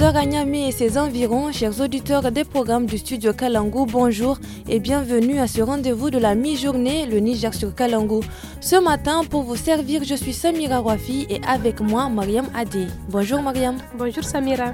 11 et ses environs, chers auditeurs des programmes du studio Kalangu, bonjour et bienvenue à ce rendez-vous de la mi-journée, le Niger sur Kalangu. Ce matin, pour vous servir, je suis Samira Wafi et avec moi, Mariam Adé. Bonjour Mariam. Bonjour Samira.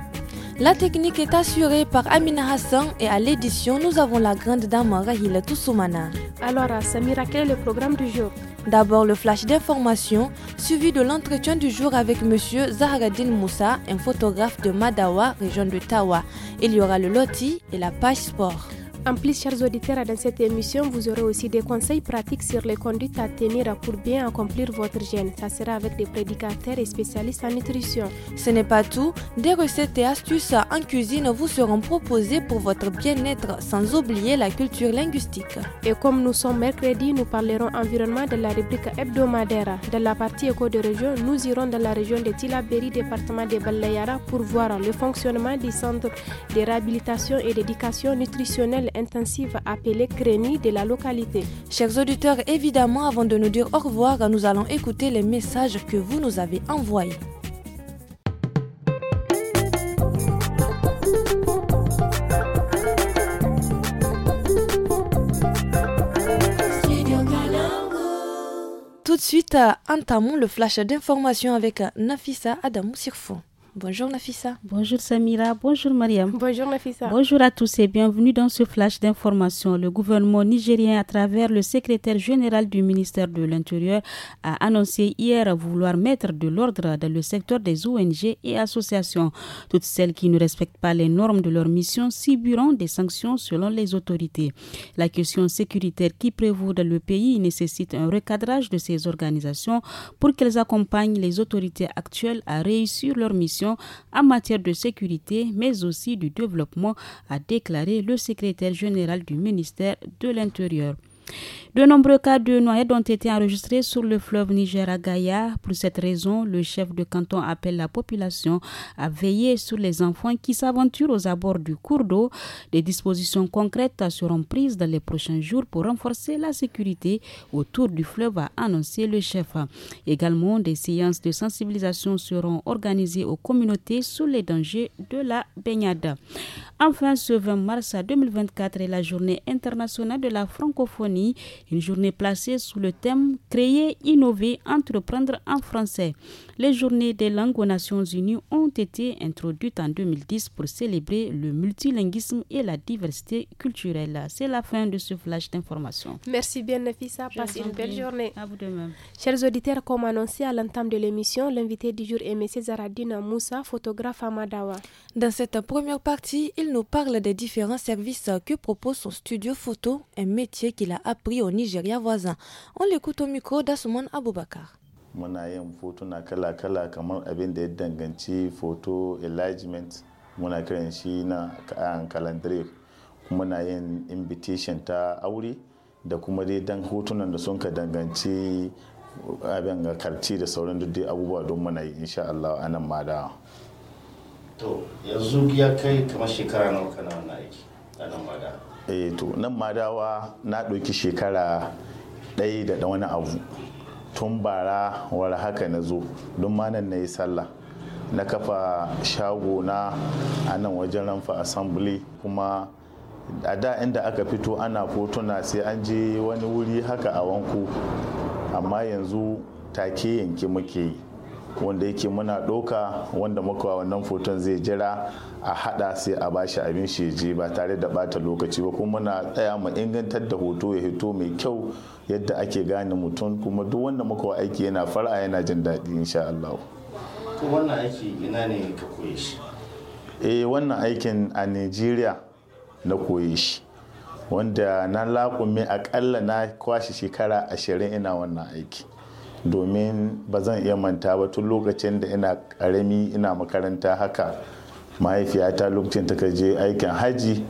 La technique est assurée par Amina Hassan et à l'édition, nous avons la grande dame Rahila Toussoumana. Alors, Samira, quel est le programme du jour D'abord le flash d'information, suivi de l'entretien du jour avec M. Zahradine Moussa, un photographe de Madawa, région de Tawa. Il y aura le loti et la page sport. En plus, chers auditeurs, dans cette émission, vous aurez aussi des conseils pratiques sur les conduites à tenir pour bien accomplir votre gène. Ça sera avec des prédicateurs et spécialistes en nutrition. Ce n'est pas tout. Des recettes et astuces en cuisine vous seront proposées pour votre bien-être, sans oublier la culture linguistique. Et comme nous sommes mercredi, nous parlerons environnement de la rubrique hebdomadaire. Dans la partie éco de région, nous irons dans la région de Tilaberi, département de Balayara, pour voir le fonctionnement des centres de réhabilitation et d'éducation nutritionnelle intensive appelée crémi de la localité. Chers auditeurs, évidemment, avant de nous dire au revoir, nous allons écouter les messages que vous nous avez envoyés. Tout de suite, euh, entamons le flash d'information avec euh, Nafissa Adamou Sirfou. Bonjour Nafissa. Bonjour Samira. Bonjour Mariam. Bonjour Nafissa. Bonjour à tous et bienvenue dans ce flash d'information. Le gouvernement nigérien, à travers le secrétaire général du ministère de l'Intérieur, a annoncé hier vouloir mettre de l'ordre dans le secteur des ONG et associations. Toutes celles qui ne respectent pas les normes de leur mission subiront des sanctions selon les autorités. La question sécuritaire qui prévaut dans le pays nécessite un recadrage de ces organisations pour qu'elles accompagnent les autorités actuelles à réussir leur mission en matière de sécurité, mais aussi du développement, a déclaré le secrétaire général du ministère de l'Intérieur. De nombreux cas de noyades ont été enregistrés sur le fleuve Niger à Gaïa. Pour cette raison, le chef de canton appelle la population à veiller sur les enfants qui s'aventurent aux abords du cours d'eau. Des dispositions concrètes seront prises dans les prochains jours pour renforcer la sécurité autour du fleuve, a annoncé le chef. Également, des séances de sensibilisation seront organisées aux communautés sur les dangers de la baignade. Enfin, ce 20 mars 2024 est la journée internationale de la francophonie une journée placée sous le thème Créer, innover, entreprendre en français. Les journées des langues aux Nations Unies ont été introduites en 2010 pour célébrer le multilinguisme et la diversité culturelle. C'est la fin de ce flash d'information. Merci bien, Nafisa. Passez une belle journée. À vous de même. Chers auditeurs, comme annoncé à l'entame de l'émission, l'invité du jour est M. Zaradine Moussa, photographe à Madawa. Dans cette première partie, il nous parle des différents services que propose son studio photo, un métier qu'il a a appris au Nigeria voisin. On l'écoute au micro d'Asuman Aboubakar. Muna yin fotuna kala-kala kamar abin da ya danganci photo enlargement muna kiran shi na calendric muna yin invitation ta aure da kuma dai dan hotunan da sun ka danganci abin ga karci da sauran duk abubuwa don muna yi insha Allah a nan ma da to yanzu ya kai kamar shekara nawa kana wannan aiki a nan ma da eh to nan madawa na ɗauki shekara ɗaya da ɗan wani abu tun bara war haka na zo don ma nan na yi sallah na kafa shago na a nan wajen ranfa assembly kuma a da inda aka fito ana fotuna sai an je wani wuri haka a wanku amma yanzu take yanke muke yi wanda yake muna ɗauka wanda muka wannan foton zai jira a hada sai a bashi abin shi je ba tare da bata lokaci ba kuma muna tsaya mu ingantar da hoto ya hito mai kyau yadda ake gane mutum kuma duk wanda muka aiki yana fara yana jin daɗi insha Allah. To wannan aiki ina ne ka koye shi? Eh wannan aikin a Nigeria na koye shi. Wanda na laƙumi akalla na kwashe shekara ashirin ina wannan aiki. domin ba zan iya manta ba tun lokacin da ina karami ina makaranta haka mahaifiyata lokacin ta je aikin haji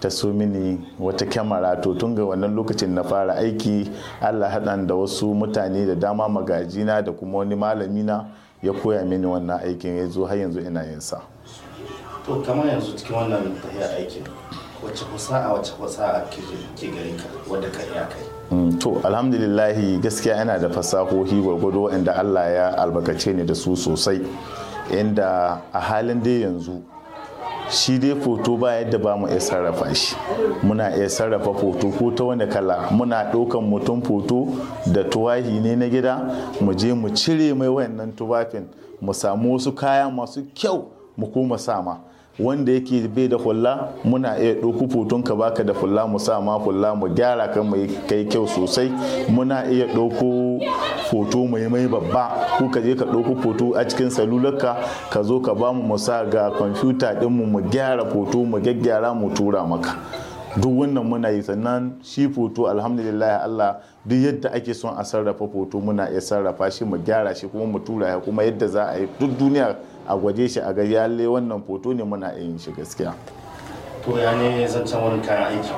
ta so mini wata kyamara to tun ga wannan lokacin na fara aiki allah haɗan da wasu mutane da dama magajina da kuma wani malamina ya koya mini wannan aikin ya zo har yanzu ina yin sa to kamar yanzu cikin wannan tafiya aikin wacce kusa a wacce kusa a ke gare ka wadda ka iya kai Mm, to alhamdulillahi gaskiya yana da fasahohi gwargwado inda allah ya albarkace ni da su sosai inda a halin dai yanzu shi dai foto ba yadda ba mu iya sarrafa shi muna iya sarrafa foto ko ta wani kala muna ɗaukan mutum foto da tuwahi ne na gida mu je mu cire mai wayannan tufafin mu samu wasu kaya masu kyau mu koma sama wanda yake bai da hulla muna iya ɗauko foton ka baka da hulla mu sa ma hulla mu gyara kan mai kai kyau sosai muna iya ɗauko foto mai mai babba ko ka je ka ɗauko foto a cikin salularka ka zo ka bamu mu sa ga kwamfuta ɗinmu mu gyara foto mu gyaggyara mu tura maka duk wannan muna yi sannan shi foto alhamdulillah Allah duk yadda ake son a sarrafa foto muna iya sarrafa shi mu gyara shi kuma mu tura kuma yadda za a yi duk duniya a gwaje shi a gari yalle wannan foto ne muna yin shi gaskiya to ya ne zancen wurin kayan aiki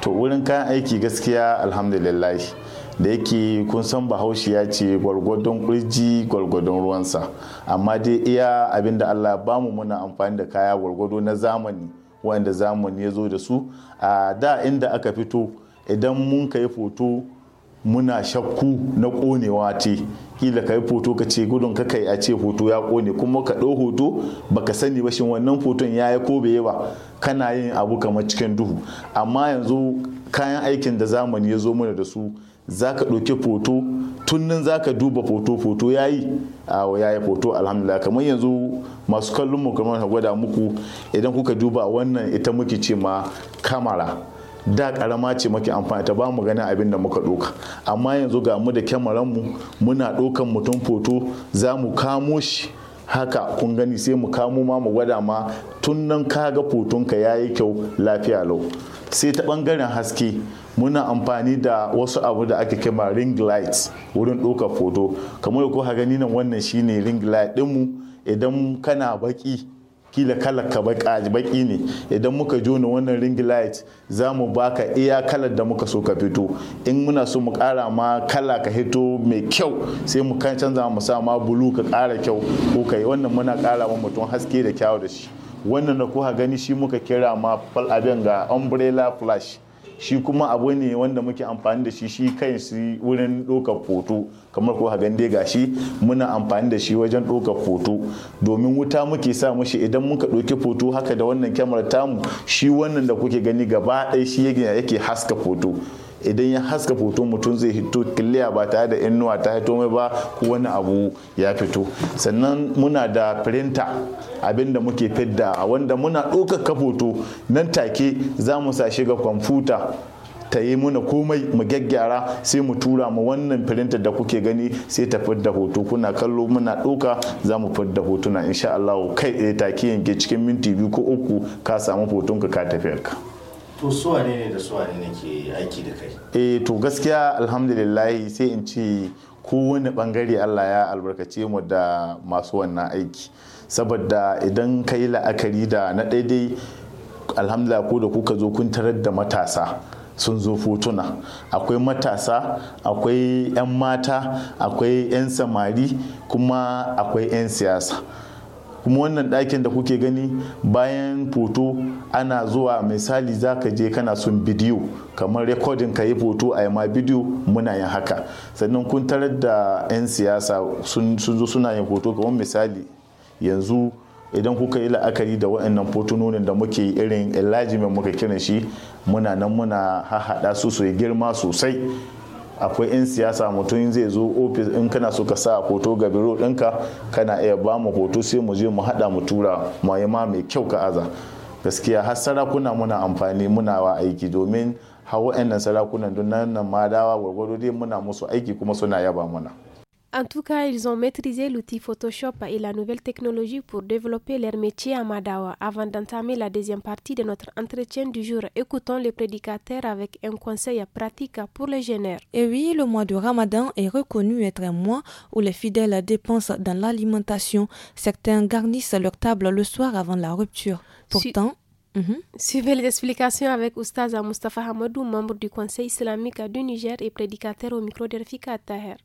to wurin kayan aiki gaskiya alhamdulillah da yake kun san bahaushe ya ce gwargwadon kurji gwargwadon ruwansa amma dai iya abinda allah bamu muna amfani da kaya gwargwado na zamani wanda zamani ya zo da su a da inda aka fito idan mun ka yi foto muna shakku na konewa ce kila ka yi foto ka ce gudun ka kai a ce foto ya kone kuma ka ɗau hoto baka sani ba shin wannan foton ya yi ko bai ba kana yin abu kamar cikin duhu amma yanzu kayan aikin da zamani ya zo mana da su za ka ɗauki foto tunnin za ka duba foto foto ya yi awa ya yi foto alhamdulillah kamar yanzu masu kallon mu kamar gwada muku idan kuka duba wannan ita muke ce ma kamara da karama ce muke amfani ta ba mu ganin abin da muka doka amma yanzu ga mu da kyamaran mu muna dokan mutum foto za mu kamo shi haka kun gani sai mu kamo ma mu gwada ma tun nan ka ga fotonka ya yi kyau lafiya lau sai ta bangaren haske muna amfani da wasu abu da ake kama ring light wurin ɗaukar foto kamar ko ha gani nan wannan shine ring light ɗinmu idan kana baki kila kalar ka baki ne idan muka jona wannan ring light za mu baka iya kalar da muka so ka fito in muna so mu ƙara ma kala ka hito mai kyau sai mu kan canza mu sa ma bulu ka kara kyau ko kai wannan muna ƙara ma mutum haske da kyau da shi wannan da kuka gani shi muka kira ma abin ga umbrella flash shi kuma abu ne wanda muke amfani da shi shi kai shi wurin ɗaukar foto kamar ko hagan dai gashi muna amfani da shi wajen ɗaukar foto domin wuta muke sa mushi idan muka ɗauki foto haka da wannan kyamar tamu shi wannan da kuke gani gaba ɗaya shi yake haska foto idan ya haska hoton mutum zai hito kiliya ba tare da inuwa ta hito mai ba ko wani abu ya fito sannan muna da printer abinda muke fidda a wanda muna ɗaukaka hoto nan take za mu sa shiga kwamfuta ta yi muna komai mu gyaggyara sai mu tura mu wannan firintar da kuke gani sai ta fidda hoto kuna kallo muna ɗauka za mu fidda hotuna insha kai ɗaya take yanke cikin minti biyu ko uku ka samu hotonka ka tafiyarka. to wane ne da wane ne ke aiki da kai eh to gaskiya alhamdulillah sai in ce kowane bangare Allah ya albarkace mu da masu wannan aiki saboda idan ka yi la'akari da na daidai alhamdulillah ko da kuka zo kun tarar da matasa sun zo fotuna akwai matasa akwai 'yan mata akwai 'yan samari kuma akwai 'yan siyasa kuma wannan ɗakin da kuke gani bayan foto ana zuwa misali za ka je kana son bidiyo kamar rekodin ka yi foto a ma bidiyo muna yin haka sannan kun tarar da 'yan siyasa sun zo suna yin foto kamar misali yanzu idan kuka yi la'akari da waɗannan fotunonin da muke irin me muka kiran shi muna nan muna haɗa su su girma sosai akwai 'yan siyasa mutum zai zo ofis in kana so ka sa hoto ga biro ɗinka kana iya ba mu hoto sai mu je mu haɗa mu tura mu ma mai kyau ka aza gaskiya har sarakuna muna amfani muna wa aiki domin hawa 'yan sarakunan don nan madawa gwargwado dai muna musu aiki kuma suna yaba mana. En tout cas, ils ont maîtrisé l'outil Photoshop et la nouvelle technologie pour développer leur métier à Madawa. Avant d'entamer la deuxième partie de notre entretien du jour, écoutons les prédicateurs avec un conseil pratique pour les jeunes. Et oui, le mois de Ramadan est reconnu être un mois où les fidèles dépensent dans l'alimentation. Certains garnissent leur table le soir avant la rupture. Pourtant, mhm. Suivez les explications avec Oustaza Mustafa Hamadou, membre du Conseil islamique du Niger et prédicateur au micro d'Erfika Taher.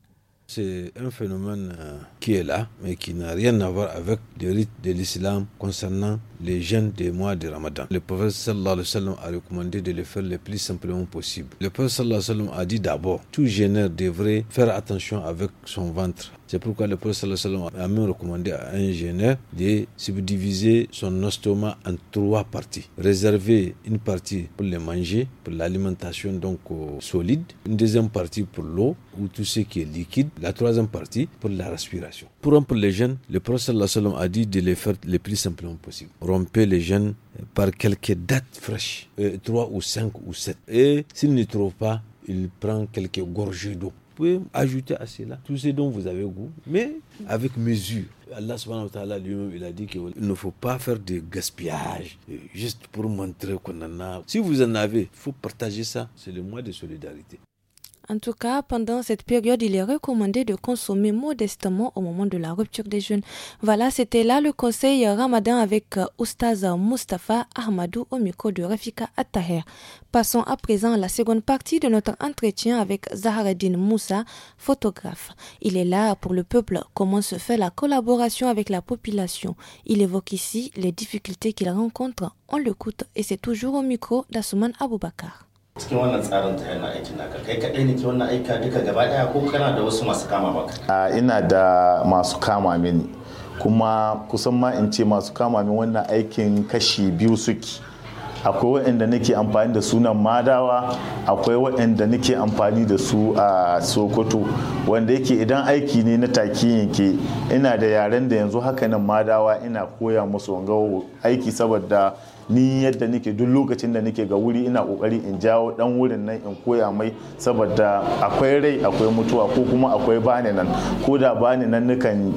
C'est un phénomène euh, qui est là, mais qui n'a rien à voir avec le rite de l'islam concernant les jeunes des mois de Ramadan. Le prophète sallallahu alayhi wa sallam a recommandé de les faire le plus simplement possible. Le prophète sallallahu alayhi wa sallam a dit d'abord, tout jeûneur devrait faire attention avec son ventre. C'est pourquoi le prophète sallallahu alayhi wa sallam a même recommandé à un jeûneur de subdiviser son estomac en trois parties. Réserver une partie pour le manger, pour l'alimentation donc euh, solide, une deuxième partie pour l'eau ou tout ce qui est liquide, la troisième partie pour la respiration. Pour un pour les jeunes, le prophète sallallahu alayhi wa sallam a dit de les faire le plus simplement possible les jeunes par quelques dates fraîches, euh, trois ou 5 ou 7 Et s'il ne trouve pas, il prend quelques gorgées d'eau. Vous pouvez ajouter à cela tout ce dont vous avez goût, mais avec mesure. Allah subhanahu wa ta'ala lui-même, il a dit qu'il ne faut pas faire de gaspillage euh, juste pour montrer qu'on en a. Si vous en avez, il faut partager ça. C'est le mois de solidarité. En tout cas, pendant cette période, il est recommandé de consommer modestement au moment de la rupture des jeunes. Voilà, c'était là le conseil ramadan avec euh, Oustaza Mustafa Ahmadou au micro de Rafika Attaher. Passons à présent à la seconde partie de notre entretien avec Zahareddin Moussa, photographe. Il est là pour le peuple, comment se fait la collaboration avec la population. Il évoque ici les difficultés qu'il rencontre. On l'écoute et c'est toujours au micro d'Assouman Aboubakar. cikin wannan tsarin ta yana aikin naka kai kadai ne ke wannan aika duka gaba daya ko kana da wasu masu kama maka ina da masu kama mini kuma kusan ma in ce masu kama mini wannan aikin kashi biyu suke akwai waɗanda nake amfani da sunan madawa akwai waɗanda nake amfani da su a sokoto wanda yake idan aiki ne na taki yanke ina da yaren da yanzu hakanan madawa ina koya musu wangawa aiki saboda ni yadda nake duk lokacin da nake ga wuri ina kokari in jawo dan wurin nan in koya mai saboda akwai rai akwai mutuwa ko kuma akwai bani nan ko da bani nan nukan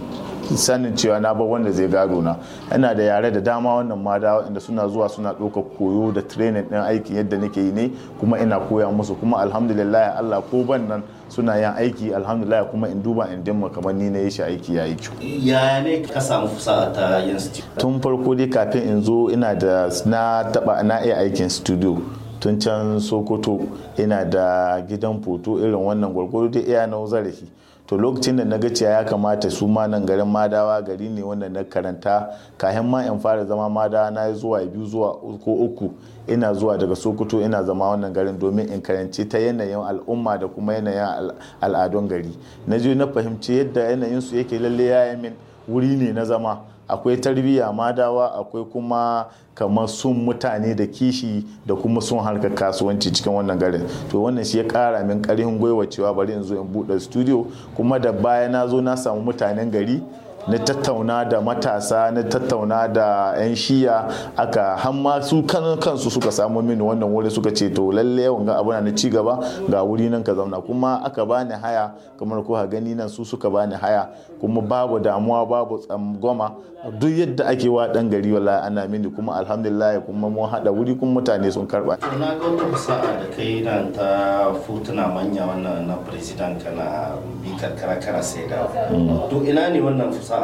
sanin cewa na bar wanda zai gado na ina da yare da dama wannan da inda suna zuwa suna ɗauka koyo da training ɗin aikin yadda nake yi ne kuma ina koya musu kuma alhamdulillah Allah ko ban nan suna yin aiki alhamdulillah kuma in duba in dimma kamar ni na yi shi aiki ya yi kyau ya ne ka samu fusa ta yin studio tun farko dai kafin in zo ina da na taba na iya aikin studio tun can sokoto ina da gidan foto irin wannan gwargwaro dai iya na zarafi to lokacin da na ga ya kamata su ma nan garin madawa gari ne wanda na karanta kayan ma in fara zama madawa na zuwa biyu zuwa ko uku ina zuwa daga sokoto ina zama wannan garin domin in karanci ta yanayin al'umma da kuma yanayin al'adun gari na je na fahimci yadda yanayin su yake lalle ya min wuri ne na zama akwai tarbiyya madawa akwai kuma kamar sun mutane da kishi da kuma sun harkar kasuwanci cikin wannan garin to wannan shi ya kara min karfin gwaiwa cewa bari in zo in buɗe studio kuma da baya na zo na samu mutanen gari na tattauna da matasa na tattauna da 'yan shiya aka hamma su kansu suka samu mini wannan wuri suka ce to lalle wanga abu na ci gaba ga wuri nan ka zauna kuma aka bani haya kamar ko gani nan su suka bani haya kuma babu damuwa babu tsangwama duk yadda ake wa dan gari wala ana mini kuma alhamdulillah kuma mun hada wuri kuma mutane sun karba na ga wannan sa'a da kai nan ta futuna manya wannan na president kana bi karkara kana sai da mm. to ina ne wannan fusa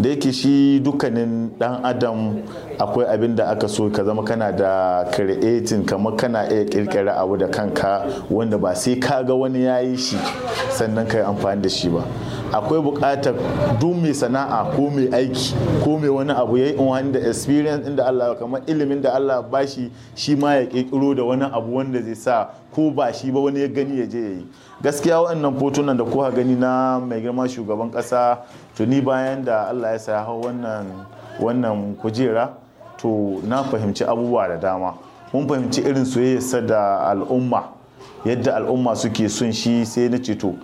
da yake shi dukkanin dan adam akwai abin da aka so ka zama kana da creating kamar kana iya kirkira abu da kanka wanda ba sai ka ga wani ya yi shi sannan ka yi amfani da shi ba akwai bukatar duk mai sana'a ko mai aiki ko mai wani abu ya yi wani da experience inda Allah kamar ilimin da Allah bashi shi ma ya kirkiro da wani abu wanda zai sa ko ba shi ba wani ya gani ya je ya yi gaskiya waɗannan hotunan da kuka gani na mai girma shugaban ƙasa tuni bayan da allah ya saya hau wannan wannan kujera to na fahimci abubuwa da dama mun fahimci irin soyayyarsa da al'umma yadda al'umma suke son shi sai na ceto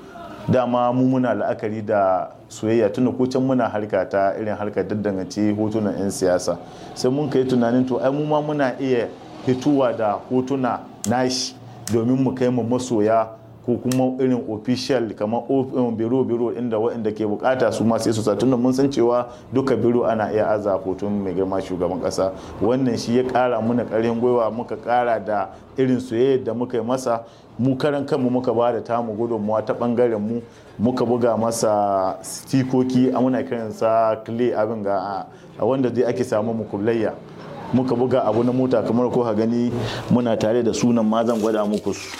dama mu muna la'akari da soyayya tuna ko can muna harka ta irin harkar daddangance hotunan 'yan siyasa sai mun kai tunanin to ai mu ma muna iya fitowa da hotuna nashi domin mu kai mu masoya ko kuma irin official kamar biro biro inda waɗanda ke bukata su ma sai su satun mun san cewa duka biro ana iya aza hoton mai girma shugaban kasa wannan shi ya kara muna karin gwiwa muka kara da irin soyayya da muka yi masa mu karan kanmu muka ba da tamu gudunmuwa ta bangaren mu muka buga masa stikoki a muna kiransa clay abin ga wanda zai ake samu mukullayya muka buga abu na mota kamar ko gani muna tare da sunan ma zan gwada muku su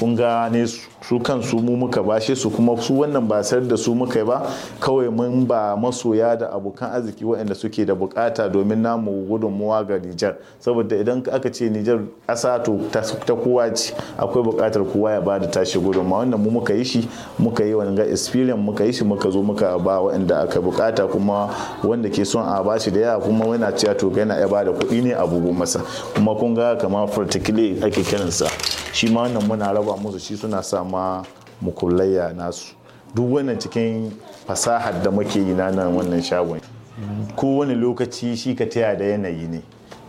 um nisso. su su mu muka bashe su kuma su wannan ba sayar da su muka ba kawai mun ba masoya da abokan arziki waɗanda suke da bukata domin namu gudunmuwa ga Nijar saboda idan aka ce Nijar ƙasa to ta kowa ce akwai bukatar kowa ya ba da tashi gudunmuwa wannan mu muka yi shi muka yi wani experience muka yi shi muka zo muka ba waɗanda aka bukata kuma wanda ke son a bashi da yawa kuma yana cewa to yana ya ba da kuɗi ne a bugu masa kuma kun ga kamar particular ake kiransa shi ma wannan muna raba musu shi suna samu kuma mukullayya nasu duk wannan cikin fasahar da muke yi na nan wannan shagon wani lokaci shi ka taya da yanayi ne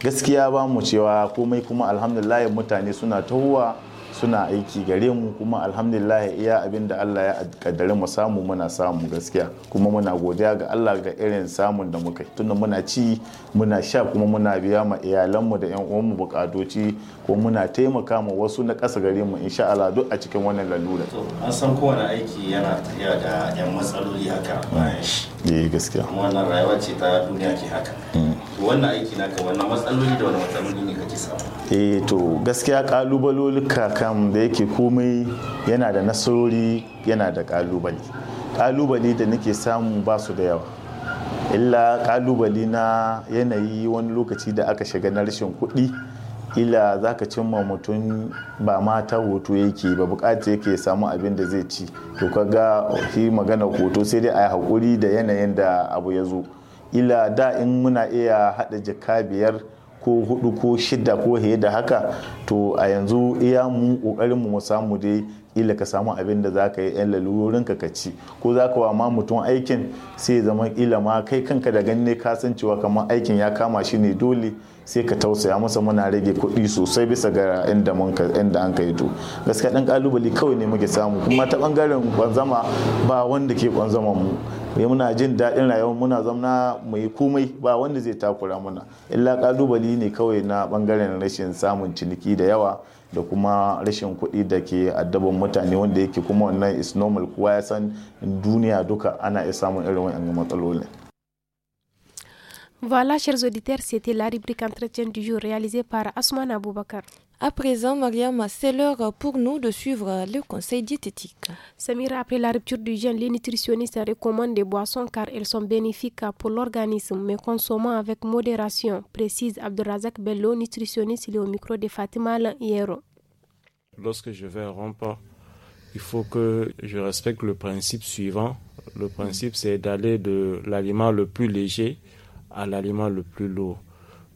gaskiya ba mu cewa komai kuma alhamdulillah mutane suna tahowa suna aiki gare mu kuma alhamdulillah iya abin da Allah ya kaddare mu samu muna samu gaskiya kuma muna godiya ga Allah ga irin samun da muka tunda muna ci muna sha kuma muna biya ma iyalanmu da yan uwanmu bukatoci ko muna taimaka ma wasu na ƙasa gare mu insha Allah duk a cikin wannan lalura an san kowane aiki yana tafiya da yan matsaloli haka bayan shi eh gaskiya wannan rayuwa ce ta duniya ke haka mm. wannan aiki naka wannan matsaloli da wani matsaloli ne kake samu eh to gaskiya kalubalolika kakan da yake komai yana da nasarori yana da kalubali kalubali da nake samu ba su da yawa illa kalubale na yanayi wani lokaci da aka shiga na rashin kuɗi ila za ka cimma mutum ba ma ta hoto yake ba bukata yake ya samu abin da zai ci to kaga shi magana hoto sai dai a yi haƙuri da yanayin da abu ya zo ila da in muna iya haɗa jaka biyar ko hudu ko shida ko he da haka to a yanzu iya mu kokarin mu samu dai ila ka samu abin da za ka yi yan lalurorin ka ci ko za ka ma mutum aikin sai zama ila ma kai kanka da gani ne ka san cewa kamar aikin ya kama shi ne dole sai ka tausaya masa muna rage kuɗi sosai bisa ga inda an ka to gaskiya ɗan ƙalubale kawai ne muke samu kuma ta bangaren kwanzama ba wanda ke kwanzama mu mai muna jin daɗin rayuwa muna zauna mai komai ba wanda zai takura muna illa kalubali ne kawai na ɓangaren rashin samun ciniki da yawa da kuma rashin kuɗi da ke addaban mutane wanda yake kuma wannan is normal kowa ya san duniya duka ana iya samun irin wa'annan matsalolin Voilà, chers auditeurs, c'était la rubrique entretien du jour réalisée par Asman abubakar. À présent, Mariam, c'est l'heure pour nous de suivre le conseil diététique. Samira, après la rupture du jeûne, les nutritionnistes recommandent des boissons car elles sont bénéfiques pour l'organisme, mais consommant avec modération, précise Abdelrazak Bello, nutritionniste, il au micro de Fatima Hiero. Lorsque je vais rompre, il faut que je respecte le principe suivant. Le principe, c'est d'aller de l'aliment le plus léger à l'aliment le plus lourd.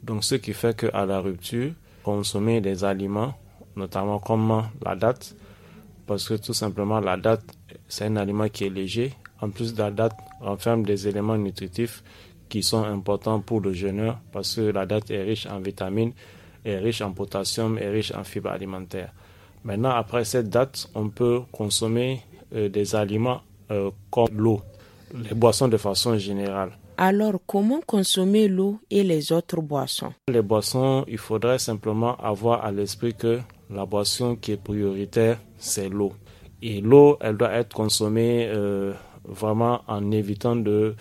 Donc, ce qui fait qu'à la rupture, consommer des aliments, notamment comme la date, parce que tout simplement la date, c'est un aliment qui est léger. En plus de la date, renferme des éléments nutritifs qui sont importants pour le jeûneur, parce que la date est riche en vitamines, est riche en potassium, est riche en fibres alimentaires. Maintenant, après cette date, on peut consommer euh, des aliments euh, comme l'eau, les boissons de façon générale. Alors, comment consommer l'eau et les autres boissons Les boissons, il faudrait simplement avoir à l'esprit que la boisson qui est prioritaire, c'est l'eau. Et l'eau, elle doit être consommée euh, vraiment en évitant de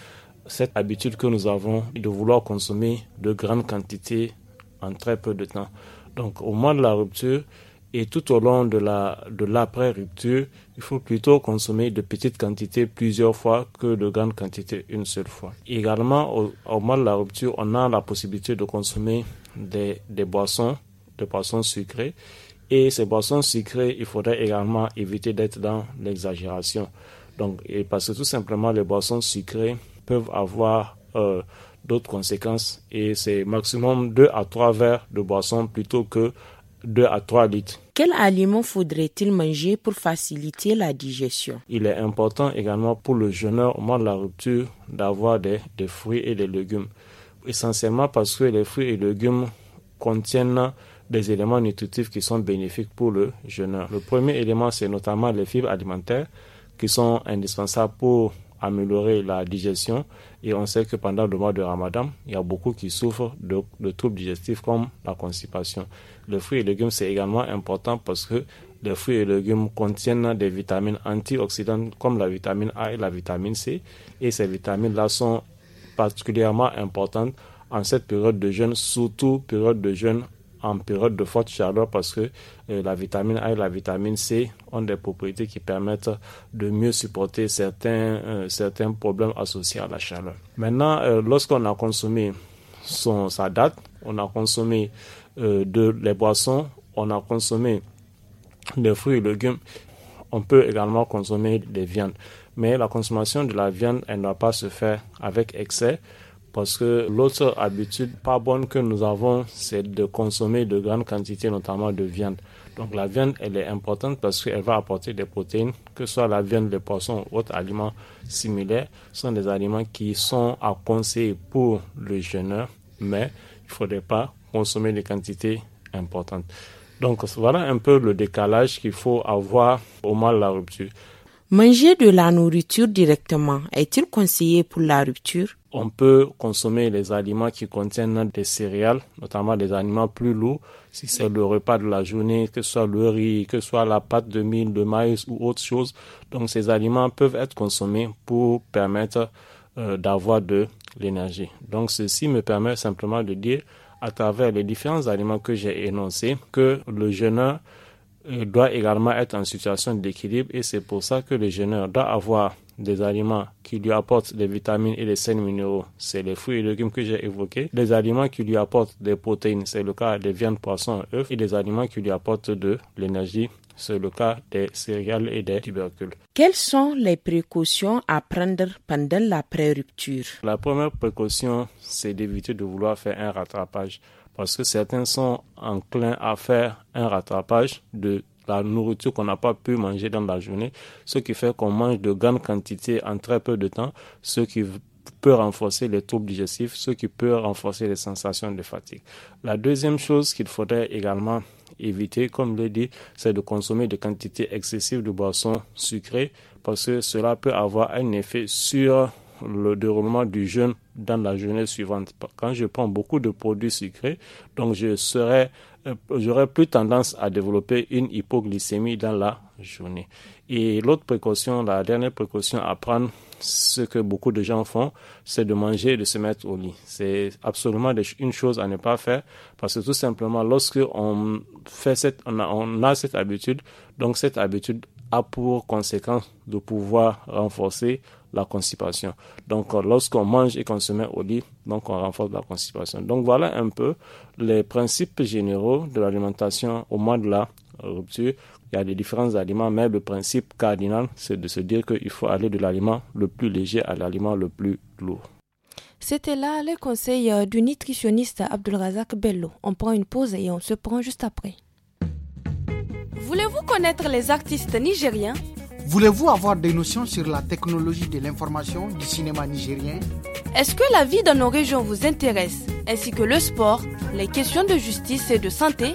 cette habitude que nous avons de vouloir consommer de grandes quantités en très peu de temps. Donc, au moment de la rupture, et tout au long de la de l'après-rupture, il faut plutôt consommer de petites quantités plusieurs fois que de grandes quantités une seule fois. Également, au, moment de la rupture, on a la possibilité de consommer des, des boissons, des boissons sucrées. Et ces boissons sucrées, il faudrait également éviter d'être dans l'exagération. Donc, parce que tout simplement, les boissons sucrées peuvent avoir euh, d'autres conséquences. Et c'est maximum 2 à 3 verres de boissons plutôt que 2 à 3 litres. Quel aliment faudrait-il manger pour faciliter la digestion Il est important également pour le jeûneur au moment de la rupture d'avoir des, fruits et des légumes. Essentiellement parce que les fruits et légumes contiennent des éléments nutritifs qui sont bénéfiques pour le jeûneur. Le premier élément, c'est notamment les fibres alimentaires qui sont indispensables pour améliorer la digestion. Et on sait que pendant le mois de Ramadan, il y a beaucoup qui souffrent de troubles digestifs comme la constipation. Le fruit et légumes, c'est également important parce que les fruits et légumes contiennent des vitamines antioxydantes comme la vitamine A et la vitamine C. Et ces vitamines-là sont particulièrement importantes en cette période de jeûne, surtout période de jeûne en période de forte chaleur parce que euh, la vitamine A et la vitamine C ont des propriétés qui permettent de mieux supporter certains, euh, certains problèmes associés à la chaleur. Maintenant, euh, lorsqu'on a consommé son, sa date, on a consommé euh, de les boissons, on a consommé des fruits et légumes. On peut également consommer des viandes. Mais la consommation de la viande, elle ne doit pas se faire avec excès parce que l'autre habitude pas bonne que nous avons, c'est de consommer de grandes quantités, notamment de viande. Donc la viande, elle est importante parce qu'elle va apporter des protéines, que ce soit la viande, les poissons ou autres aliments similaires, sont des aliments qui sont à conseiller pour le jeûneur, mais il ne faudrait pas consommer des quantités importantes. Donc voilà un peu le décalage qu'il faut avoir au moment de la rupture. Manger de la nourriture directement est-il conseillé pour la rupture On peut consommer les aliments qui contiennent des céréales, notamment des aliments plus lourds, si c'est le repas de la journée, que ce soit le riz, que ce soit la pâte de mil, de maïs ou autre chose. Donc ces aliments peuvent être consommés pour permettre euh, d'avoir de l'énergie. Donc ceci me permet simplement de dire à travers les différents aliments que j'ai énoncés que le jeûneur euh, doit également être en situation d'équilibre et c'est pour ça que le jeûneur doit avoir des aliments qui lui apportent des vitamines et des sels minéraux, c'est les fruits et légumes que j'ai évoqués. Des aliments qui lui apportent des protéines, c'est le cas des viandes, poissons, œufs. Et des aliments qui lui apportent de l'énergie, c'est le cas des céréales et des tubercules. Quelles sont les précautions à prendre pendant la pré-rupture La première précaution, c'est d'éviter de vouloir faire un rattrapage parce que certains sont enclins à faire un rattrapage de la nourriture qu'on n'a pas pu manger dans la journée, ce qui fait qu'on mange de grandes quantités en très peu de temps, ce qui peut renforcer les troubles digestifs, ce qui peut renforcer les sensations de fatigue. La deuxième chose qu'il faudrait également éviter, comme l'ai dit, c'est de consommer des quantités excessives de boissons sucrées parce que cela peut avoir un effet sur le déroulement du jeûne dans la journée suivante. Quand je prends beaucoup de produits sucrés, donc je serai euh, j'aurais plus tendance à développer une hypoglycémie dans la journée. Et l'autre précaution, la dernière précaution à prendre ce que beaucoup de gens font, c'est de manger et de se mettre au lit. C'est absolument une chose à ne pas faire parce que tout simplement, lorsque on fait cette, on a, a cette habitude, donc cette habitude a pour conséquence de pouvoir renforcer la constipation. Donc, euh, lorsqu'on mange et qu'on se met au lit, donc on renforce la constipation. Donc, voilà un peu les principes généraux de l'alimentation au mois de la rupture. Il y a des différents aliments, mais le principe cardinal, c'est de se dire qu'il faut aller de l'aliment le plus léger à l'aliment le plus lourd. C'était là le conseil euh, du nutritionniste Abdulrazak Bello. On prend une pause et on se prend juste après. Voulez-vous connaître les artistes nigériens Voulez-vous avoir des notions sur la technologie de l'information du cinéma nigérien Est-ce que la vie dans nos régions vous intéresse, ainsi que le sport, les questions de justice et de santé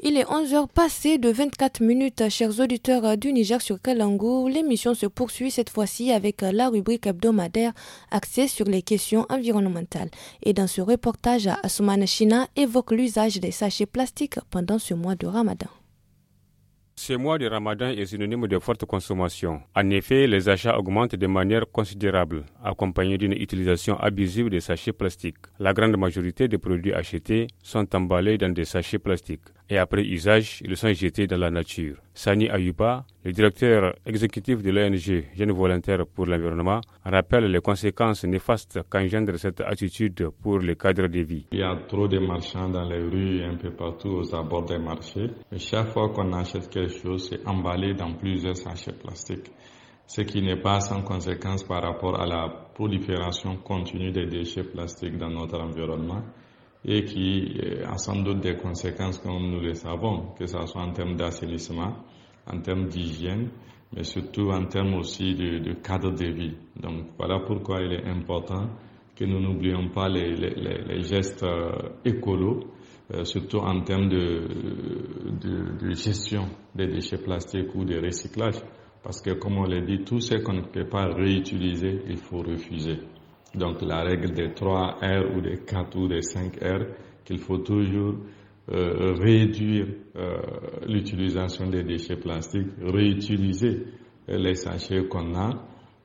Il est 11h passé de 24 minutes, chers auditeurs du Niger sur Kalangou. L'émission se poursuit cette fois-ci avec la rubrique hebdomadaire axée sur les questions environnementales. Et dans ce reportage, Asuman China évoque l'usage des sachets plastiques pendant ce mois de Ramadan. Ce mois de Ramadan est synonyme de forte consommation. En effet, les achats augmentent de manière considérable, accompagnés d'une utilisation abusive des sachets plastiques. La grande majorité des produits achetés sont emballés dans des sachets plastiques et après usage, ils sont jetés dans la nature. Sani Ayuba, le directeur exécutif de l'ONG Jeunes Volontaire pour l'Environnement, rappelle les conséquences néfastes qu'engendre cette attitude pour les cadres de vie. Il y a trop de marchands dans les rues et un peu partout aux abords des marchés. chaque fois qu'on achète quelque chose, c'est emballé dans plusieurs sachets plastiques ce qui n'est pas sans conséquence par rapport à la prolifération continue des déchets plastiques dans notre environnement et qui a sans doute des conséquences comme nous le savons, que ce soit en termes d'assainissement, en termes d'hygiène, mais surtout en termes aussi de, cadre de vie. Donc voilà pourquoi il est important que nous n'oublions pas les, gestes euh, écolos, euh, surtout en termes de, de, gestion des déchets plastiques ou de recyclage. Parce que comme on l'a dit, tout ce qu'on ne peut pas réutiliser, il faut refuser. Donc la règle des 3 R ou des 4 ou des 5 R, qu'il faut toujours euh, réduire euh, l'utilisation des déchets plastiques, réutiliser les sachets qu'on a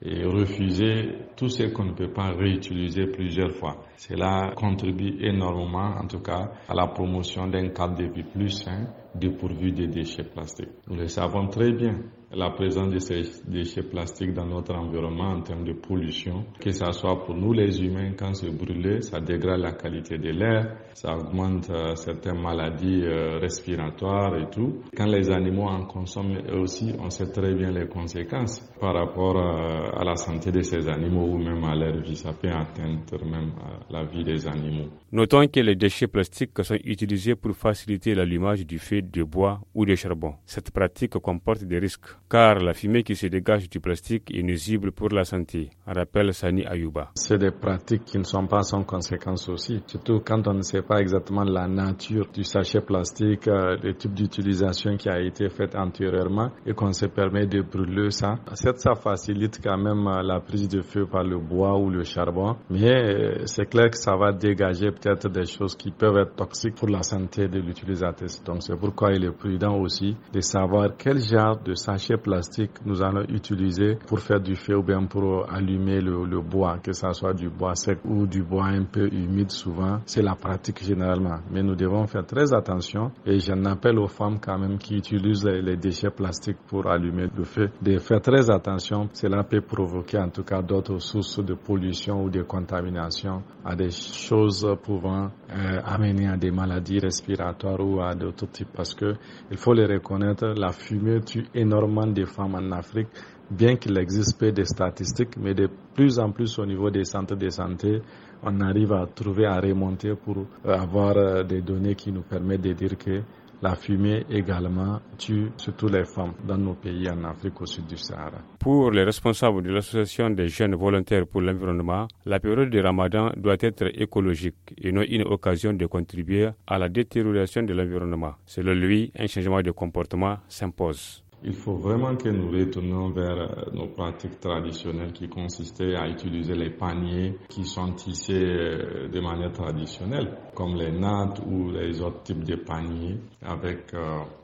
et refuser tout ce qu'on ne peut pas réutiliser plusieurs fois. Cela contribue énormément, en tout cas, à la promotion d'un cadre de vie plus sain dépourvu de déchets plastiques. Nous le savons très bien la présence de ces déchets plastiques dans notre environnement en termes de pollution, que ce soit pour nous les humains, quand c'est brûlé, ça dégrade la qualité de l'air, ça augmente euh, certaines maladies euh, respiratoires et tout. Quand les animaux en consomment eux aussi, on sait très bien les conséquences par rapport euh, à la santé de ces animaux ou même à leur vie. Ça peut atteindre même la vie des animaux. Notons que les déchets plastiques sont utilisés pour faciliter l'allumage du feu de bois ou de charbon. Cette pratique comporte des risques, car la fumée qui se dégage du plastique est nuisible pour la santé, rappelle Sani Ayuba. C'est des pratiques qui ne sont pas sans conséquences aussi, surtout quand on ne sait pas exactement la nature du sachet plastique, euh, le type d'utilisation qui a été faite antérieurement et qu'on se permet de brûler ça. Ça, ça facilite quand même euh, la prise de feu par le bois ou le charbon, mais euh, c'est clair que ça va dégager être des choses qui peuvent être toxiques pour la santé de l'utilisateur Donc c'est pourquoi il est prudent aussi de savoir quel genre de sachet plastique nous allons utiliser pour faire du feu ou bien pour allumer le, bois, que ce soit du bois sec ou du bois un peu humide souvent. C'est la pratique généralement. Mais nous devons faire très attention et j'en appelle aux femmes quand même qui utilisent les, déchets plastiques pour allumer le feu de faire très attention. Cela peut provoquer en tout cas d'autres sources de pollution ou de contamination à des choses pour souvent euh, amenés à des maladies respiratoires ou à d'autres types parce que il faut les reconnaître, la fumée tue énormément de femmes en Afrique, bien qu'il existe peu de statistiques, mais de plus en plus au niveau des centres de santé, on arrive à trouver, à remonter pour avoir euh, des données qui nous permettent de dire que la fumée également tue surtout les femmes dans nos pays en Afrique au sud du Sahara. Pour les responsables de l'association des jeunes volontaires pour l'environnement, la période du Ramadan doit être écologique et non une occasion de contribuer à la détérioration de l'environnement. Selon lui, un changement de comportement s'impose il faut vraiment que nous retournions vers euh, nos pratiques traditionnelles qui consistaient à utiliser les paniers qui sont tissés euh, de manière traditionnelle, comme les nattes ou les autres types de paniers avec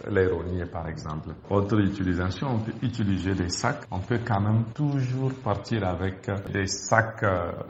l'aéronier euh, les par exemple. Autre utilisation, on peut utiliser des sacs. On peut quand même toujours partir avec des sacs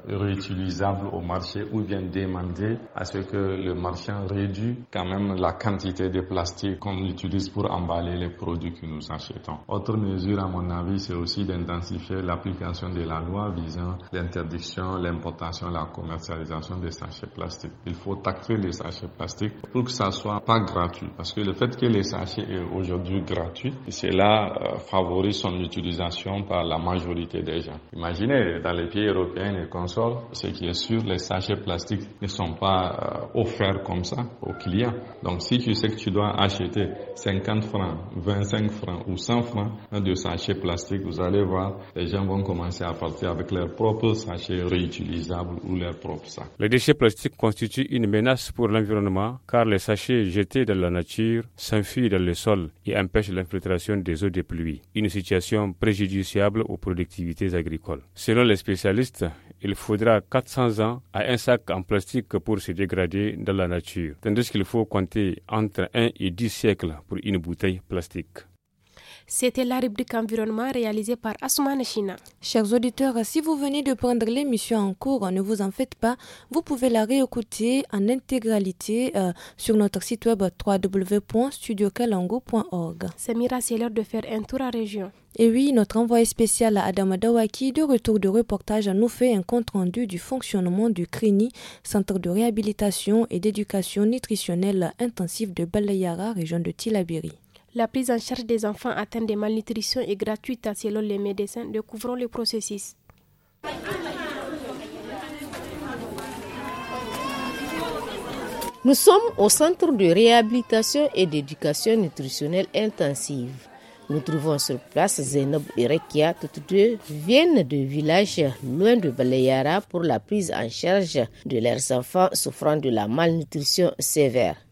réutilisables au marché ou bien demander à ce que le marchand réduise quand même la quantité de plastique qu'on utilise pour emballer les produits que nous avons. Autre mesure, à mon avis, c'est aussi d'intensifier l'application de la loi visant l'interdiction, l'importation, la commercialisation des sachets plastiques. Il faut taxer les sachets plastiques pour que ça soit pas gratuit. Parce que le fait que les sachets est aujourd'hui gratuit, cela euh, favorise son utilisation par la majorité des gens. Imaginez, dans les pays européens et consoles, ce qui est sûr, les sachets plastiques ne sont pas euh, offerts comme ça aux clients. Donc si tu sais que tu dois acheter 50 francs, 25 francs ou 100 francs de sachets plastiques, vous allez voir, les gens vont commencer à partir avec leurs propres sachets réutilisables ou leurs propres sacs. Les déchets plastiques constituent une menace pour l'environnement car les sachets jetés dans la nature s'enfuient dans le sol et empêchent l'infiltration des eaux de pluie, une situation préjudiciable aux productivités agricoles. Selon les spécialistes, il faudra 400 ans à un sac en plastique pour se dégrader dans la nature, tandis qu'il faut compter entre 1 et 10 siècles pour une bouteille plastique. C'était la rubrique environnement réalisée par Assoumane China. Chers auditeurs, si vous venez de prendre l'émission en cours, ne vous en faites pas. Vous pouvez la réécouter en intégralité euh, sur notre site web www.studiocalango.org. Samira, c'est l'heure de faire un tour à région. Et oui, notre envoyé spécial à Dawaki, de retour de reportage, nous fait un compte-rendu du fonctionnement du CRINI, Centre de réhabilitation et d'éducation nutritionnelle intensive de Balayara, région de Tilabiri. La prise en charge des enfants atteints de malnutrition est gratuite selon les médecins. Découvrons le processus. Nous sommes au centre de réhabilitation et d'éducation nutritionnelle intensive. Nous trouvons sur place Zenob et Rekia, toutes deux viennent de villages loin de Balayara pour la prise en charge de leurs enfants souffrant de la malnutrition sévère.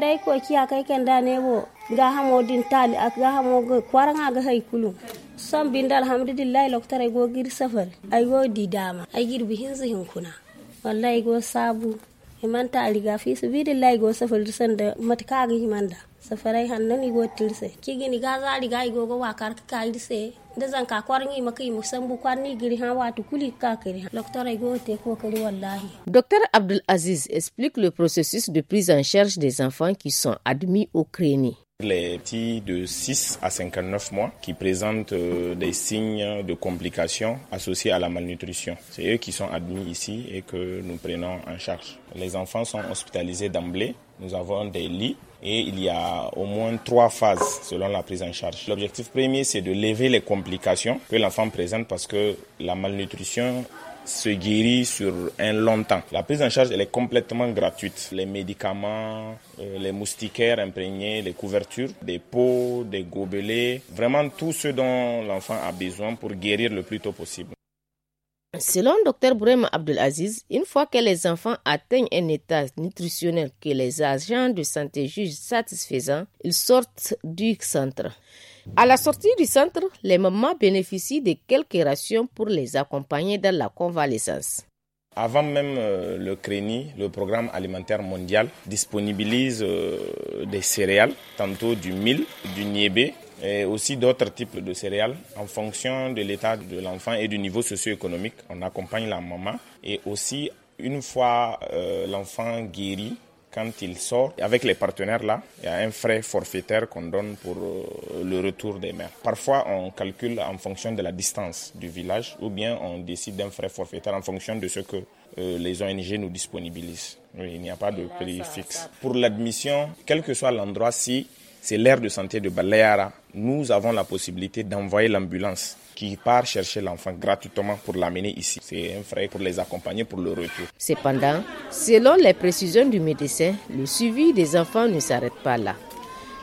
dai ko kiya kai ken da nebo ga ha din tali ak ga mo go kwaranga ga hay kulu son binda alhamdulillah loktar ay go gir safar ay go di dama ay gir bihin zihin kuna wallahi go sabu himanta aliga fi sabilillahi go safal san da matka ga himanda safarai hannan igo tilse kigi ni gaza aliga igo go wa kar ka irse da zan ka makai musan bu kwar ni giri watu kuli ka kiri docteur go te ko wallahi docteur Abdul Aziz explique le processus de prise en charge des enfants qui sont admis au CRENI les petits de 6 à 59 mois qui présentent euh, des signes de complications associées à la malnutrition. C'est eux qui sont admis ici et que nous prenons en charge. Les enfants sont hospitalisés d'emblée. Nous avons des lits et il y a au moins trois phases selon la prise en charge. L'objectif premier, c'est de lever les complications que l'enfant présente parce que la malnutrition se guérit sur un long temps. La prise en charge, elle est complètement gratuite. Les médicaments, euh, les moustiquaires imprégnés, les couvertures, des pots, des gobelets, vraiment tout ce dont l'enfant a besoin pour guérir le plus tôt possible. Selon Dr Bourema Abdelaziz, une fois que les enfants atteignent un état nutritionnel que les agents de santé jugent satisfaisant, ils sortent du centre. À la sortie du centre, les mamans bénéficient de quelques rations pour les accompagner dans la convalescence. Avant même euh, le CRENI, le programme alimentaire mondial disponibilise euh, des céréales, tantôt du mil, du niébé et aussi d'autres types de céréales. En fonction de l'état de l'enfant et du niveau socio-économique, on accompagne la maman. Et aussi, une fois euh, l'enfant guéri, quand il sort, avec les partenaires là, il y a un frais forfaitaire qu'on donne pour euh, le retour des mères. Parfois, on calcule en fonction de la distance du village ou bien on décide d'un frais forfaitaire en fonction de ce que euh, les ONG nous disponibilisent. il n'y a pas de prix fixe. Pour l'admission, quel que soit l'endroit, si c'est l'aire de santé de Baleara, nous avons la possibilité d'envoyer l'ambulance qui part chercher l'enfant gratuitement pour l'amener ici. C'est un frais pour les accompagner pour le retour. Cependant, selon les précisions du médecin, le suivi des enfants ne s'arrête pas là.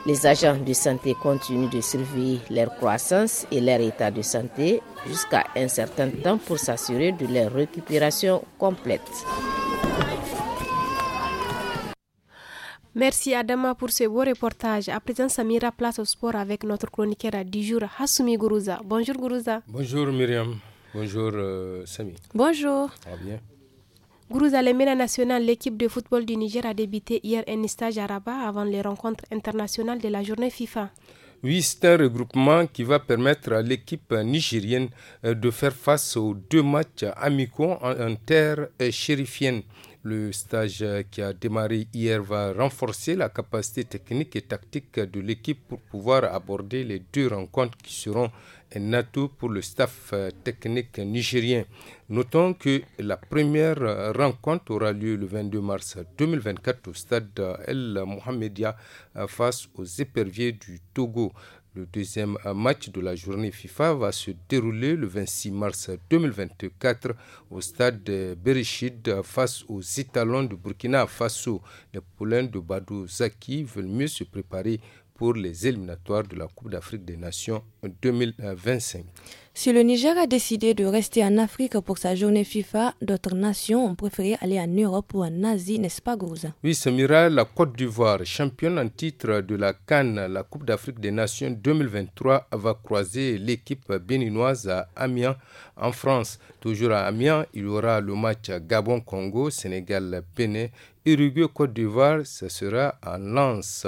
Les agents de santé continuent de surveiller leur croissance et leur état de santé jusqu'à un certain temps pour s'assurer de leur récupération complète. Merci Adama pour ce beau reportage. À présent, Samira place au sport avec notre chroniqueur du jour, Hassoumi Gourouza. Bonjour Gourouza. Bonjour Myriam. Bonjour euh, Sami. Bonjour. bien. Gourouza, les national, l'équipe de football du Niger a débuté hier un stage à Rabat avant les rencontres internationales de la journée FIFA. Oui, c'est un regroupement qui va permettre à l'équipe nigérienne euh, de faire face aux deux matchs amicaux en terre euh, chérifienne. Le stage euh, qui a démarré hier va renforcer la capacité technique et tactique de l'équipe pour pouvoir aborder les deux rencontres qui seront un atout pour le staff euh, technique nigérien. Notons que la première euh, rencontre aura lieu le 22 mars 2024 au stade El Mohamedia face aux éperviers du Togo. Le deuxième match de la journée FIFA va se dérouler le 26 mars 2024 au stade de Bereshid face aux Italons de Burkina Faso. Les poulains de Badou Zaki veulent mieux se préparer pour les éliminatoires de la Coupe d'Afrique des Nations 2025. Si le Niger a décidé de rester en Afrique pour sa journée FIFA, d'autres nations ont préféré aller en Europe ou en Asie, n'est-ce pas, Gouza Oui, Samira, la Côte d'Ivoire, championne en titre de la Cannes, la Coupe d'Afrique des Nations 2023, va croiser l'équipe béninoise à Amiens, en France. Toujours à Amiens, il y aura le match Gabon-Congo, Sénégal-Bénin, Uruguay-Côte d'Ivoire, ce sera à Lens.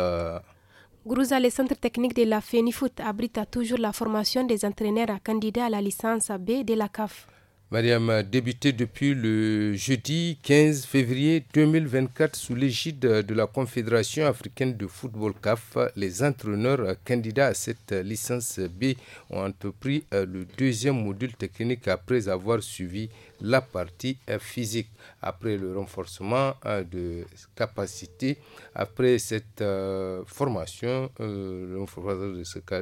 Grouza, le centre technique de la FENIFOOT, abrite toujours la formation des entraîneurs à candidats à la licence B de la CAF. Mariam a débuté depuis le jeudi 15 février 2024 sous l'égide de la Confédération africaine de football CAF. Les entraîneurs candidats à cette licence B ont entrepris euh, le deuxième module technique après avoir suivi la partie euh, physique. Après le renforcement hein, de capacité, après cette euh, formation, euh,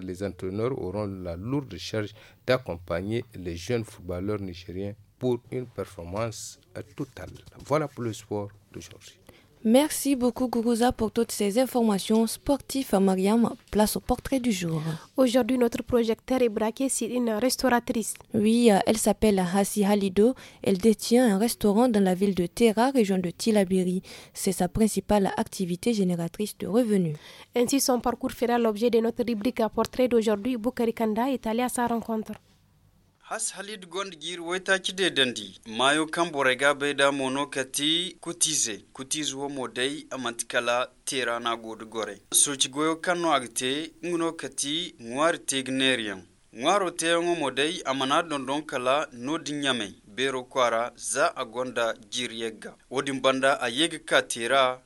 les entraîneurs auront la lourde charge d'accompagner les jeunes footballeurs nigériens pour une performance totale. Voilà pour le sport d'aujourd'hui. Merci beaucoup Guruza pour toutes ces informations sportives. Mariam, place au portrait du jour. Aujourd'hui, notre projecteur est braqué sur une restauratrice. Oui, euh, elle s'appelle Hassi Halido. Elle détient un restaurant dans la ville de Terra, région de Tilabiri. C'est sa principale activité génératrice de revenus. Ainsi, son parcours fera l'objet de notre rubrique à portrait d'aujourd'hui. Boukari Kanda est allé à sa rencontre. as halid gond gir weta kide dandi mayo kamborega beda mono kati kutize kutize wo modai amantikala tera na godu gore soci goyo kanno agte nguno kati ngwar tegneriam ngwaro teyango modai amana dondon kala no dinyame bero kwara za a gonda jir yegga wodin banda a yegi ka tera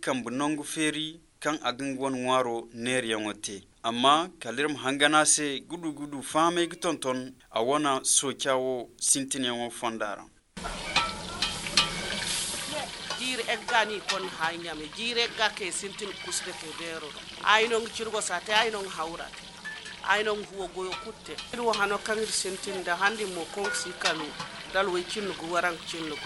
kambu nongu feri kan a gingwon ngwaro amma kalirim hanganase gudu gudu fame gitonton tonton a wona socawo sintinengo fondara jiri eggani kon ha ñame jiri egga ke sintin kusde ke bero aynon cirgo sate aynon hawrate aynon huwo goyo kutte ɗo hano kangir sintinda handi mo kon sikanu dal way cinnugu waran cinnugu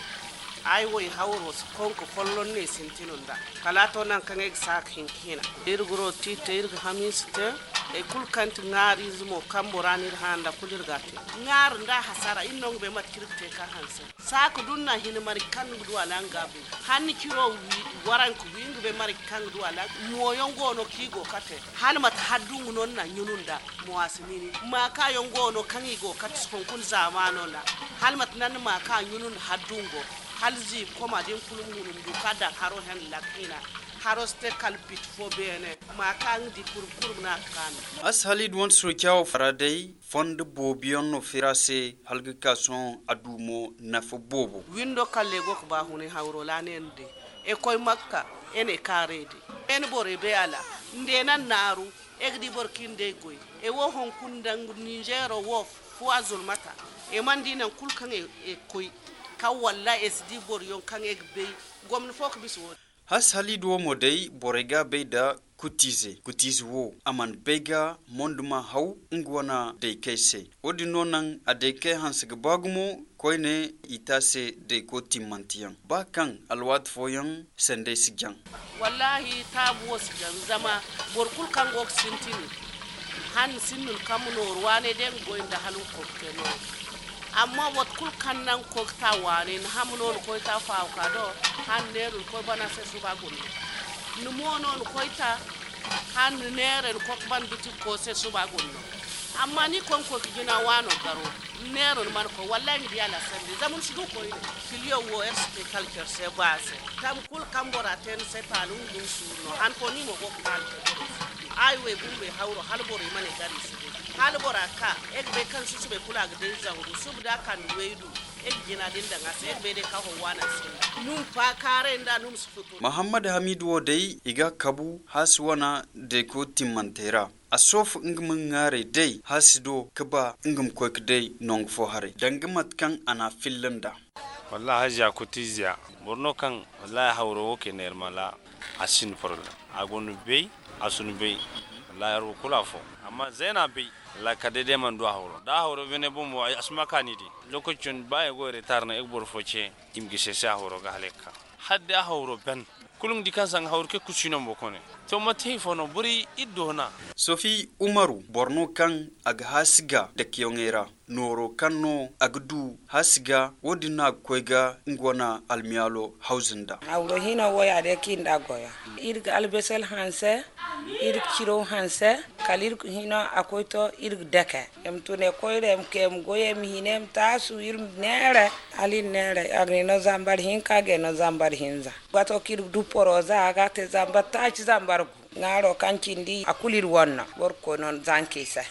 aiwoi hauros konko follonne sintinon da kala to nan kan ek sak hin kina irguro tite irgu hamisite e kul kanti ngar izmo kamboran ir handa kulir gati ngar nda hasara innong be mat kirte kan hanse sak dunna hin mari kan du ala ngabu hanni kiro waran ku wingu be mari kan du ala mo yongono kigo kate han mat haddungu non na nyununda mo asmini ma ka yongono kan igo kat sonkun zamanola hal mat nan ma ka nyunun haddungo halzi koma din kulum hulum du kada haro hen lakina haroste kalpit fo bene ma kang di kurkur na kan as halid won sur kyao faraday fond bobion no firase halga kason adumo na fo bobo windo kalle go ba huni hawro lanende e koy makka ene karede en bore be ala nde ndena naru egdi borkinde goy e wo hon kundang nigero wo fo azulmata e mandina kulkan e, e koy ka walla sd boryon kan eg be gomni fok bis has halid mo borega be da kutise kutise wo aman bega monduma hau ngwana de kese odi nonan ade ke hansig bagumo koyne itase de ko timmantiyan ba kan alwat foyan sende sijan wallahi tabu wo sijan zama borkul kan gok sintini han sinnul kamunor wane den goyda halun kokkeno amma wat kul kannan ko ta wane na hamno ko ta fa ka do han ne ko bana se su ba gun ni mo non ko ta han ne ko ban biti ko se su ba gun amma ni kon ko gina wano garo nero man ko wallahi mi diala sande zamun shudu ko filio wo este culture se base tam kul kambora ten se talun dum suno han ko ni mo ko kal ai we bumbe hawro halbore mane gari se halbora ka ek be kan su be kula ga den zangu su da kan wedu ek gina din da sai ek be de ka hawa na sin nun fa kare nda nun su futu muhammad hamidu dai iga kabu haswana de ko timantera. a sof ngum ngare dai hasido kaba ngum ko dai nong fo hare dangamat kan ana fillinda wallahi hajiya kutizia borno kan wallahi hawro woke nermala asin forla agonu bey asunu bey wallahi ro kula fo amma zena bi la kadede man do horo da horo vene bum wa asma kanidi lokacin baye go retar e egbor foce imgi se sa horo ga leka hadde horo ben kulung dikan san hawr ke kusinon bokone tɩ fono buri i dosna sofi umaru borno kan ag hasiga da kiyongera noro kanno ag du hasiga wodina ag koyga ngona almiyalo hausinda awro hina woya de kinda goya irg albesel hanse irg kiro hanse kalir hina akoyto irg deke em tune koyre em kem goye em hinem tasu irm nere ali nere agni no zambar hin kage no zambar hinza gato kirg du poroza aga te zambar tachi zambar naro kancindi di wonno gorko noon zankisa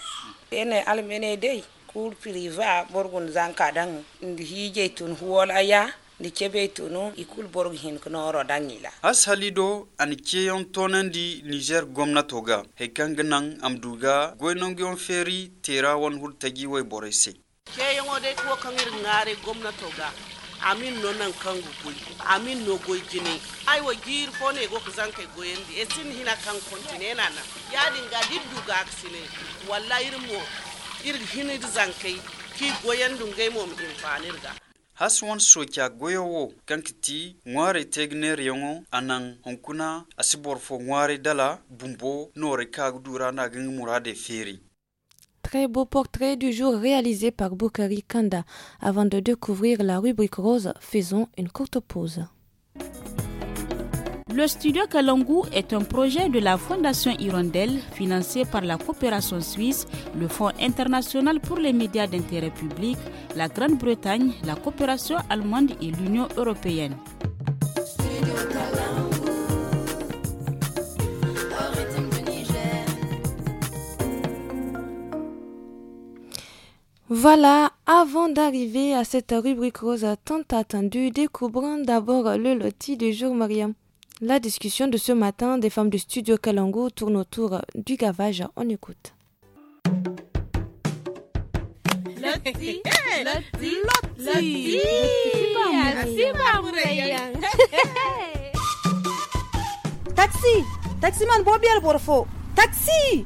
ene almene dey cour priva borgun zanka dan ndi hiije tun huwol aya ndi kebe tunu ikul borg hin knoro dangila ashali do an keyon tonandi niger gwamnato ga hekan ganan amduga goynon feri tera won wai way se. keyon ode ko kangir ngare gwamnato ga amin no nan kan gugul amin no goy jini ai wa gir ko ne go kusan kai goyen di esin hina kan kontine na na ya dinga diddu ga aksine wallahi irmo ir hini zan kai ki goyendun gai mo infanir ga haswan soja goyowo kankiti ngware tegner yongo anan hunkuna asibor fo ngware dala bumbo no kag dura nageŋ murade feri très beau portrait du jour réalisé par Boukari Kanda. Avant de découvrir la rubrique rose, faisons une courte pause. Le studio Kalangu est un projet de la Fondation Hirondelle financé par la coopération suisse, le Fonds international pour les médias d'intérêt public, la Grande-Bretagne, la coopération allemande et l'Union européenne. Voilà, avant d'arriver à cette rubrique rose tant attendue, découvrons d'abord le loti du jour Mariam. La discussion de ce matin des femmes du studio Kalango tourne autour du gavage. On écoute. Loti, loti, loti, Taxi, Man taxi.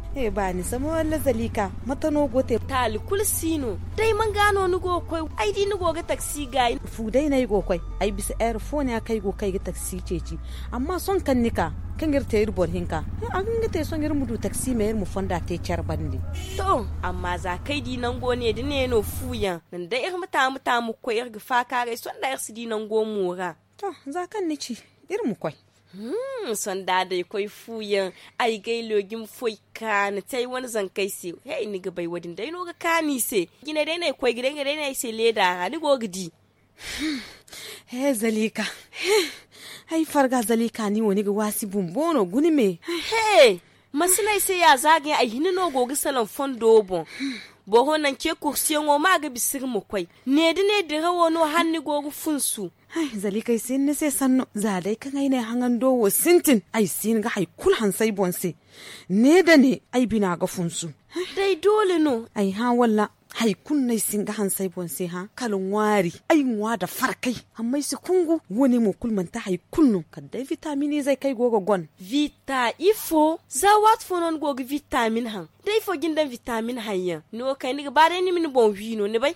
e ba ni sama wani zalika mata no gote tal kulsino dai man gano ni go koi ai di ni go ga taxi ga fu dai nai go koi ai bisa air phone ya kai go kai ga taxi ceci amma son kan nika kan gir tayir bor hinka an ga te son gir mudu taxi mai mu fonda te char bandi to amma za kai di nan go ne di ne no ya nan da ir mata mata mu koi ir ga fa ga son da ir si di nan go mura to za kan ni ci ir mu koi hmm sonda da koi fuyan ai gai login foi kana tai wani zan se hey ni ga bai wadin dai no ga kani se gina dai nai koi gidan gidan nai se leda ni go gidi he zalika ai farga zalika ni wani ga wasi bumbono guni me he masinai se ya zage ai hinino gogi salon fondo bon hmm. boho nan ke kursiyan ngo ma ga bisir mu kwai ne da ne da rawo no hanni go gufun su ai zali kai sin ne sai sanno za dai kan ai ne hangan do wo sintin ai sin ga hai kul han sai bonse ne da ne ai bina ga funsu dai dole no ai ha walla hay kunna singa han sai bon sai ha kalon wari ai nwa da farkai amma su kungu woni mu ta hay kunnu kadda vitamin zai kai gogo gon vita ifo za wat fonon gogo vitamin han dai fo gindan vitamin ni no kai ni bare ni min bon wino ne bai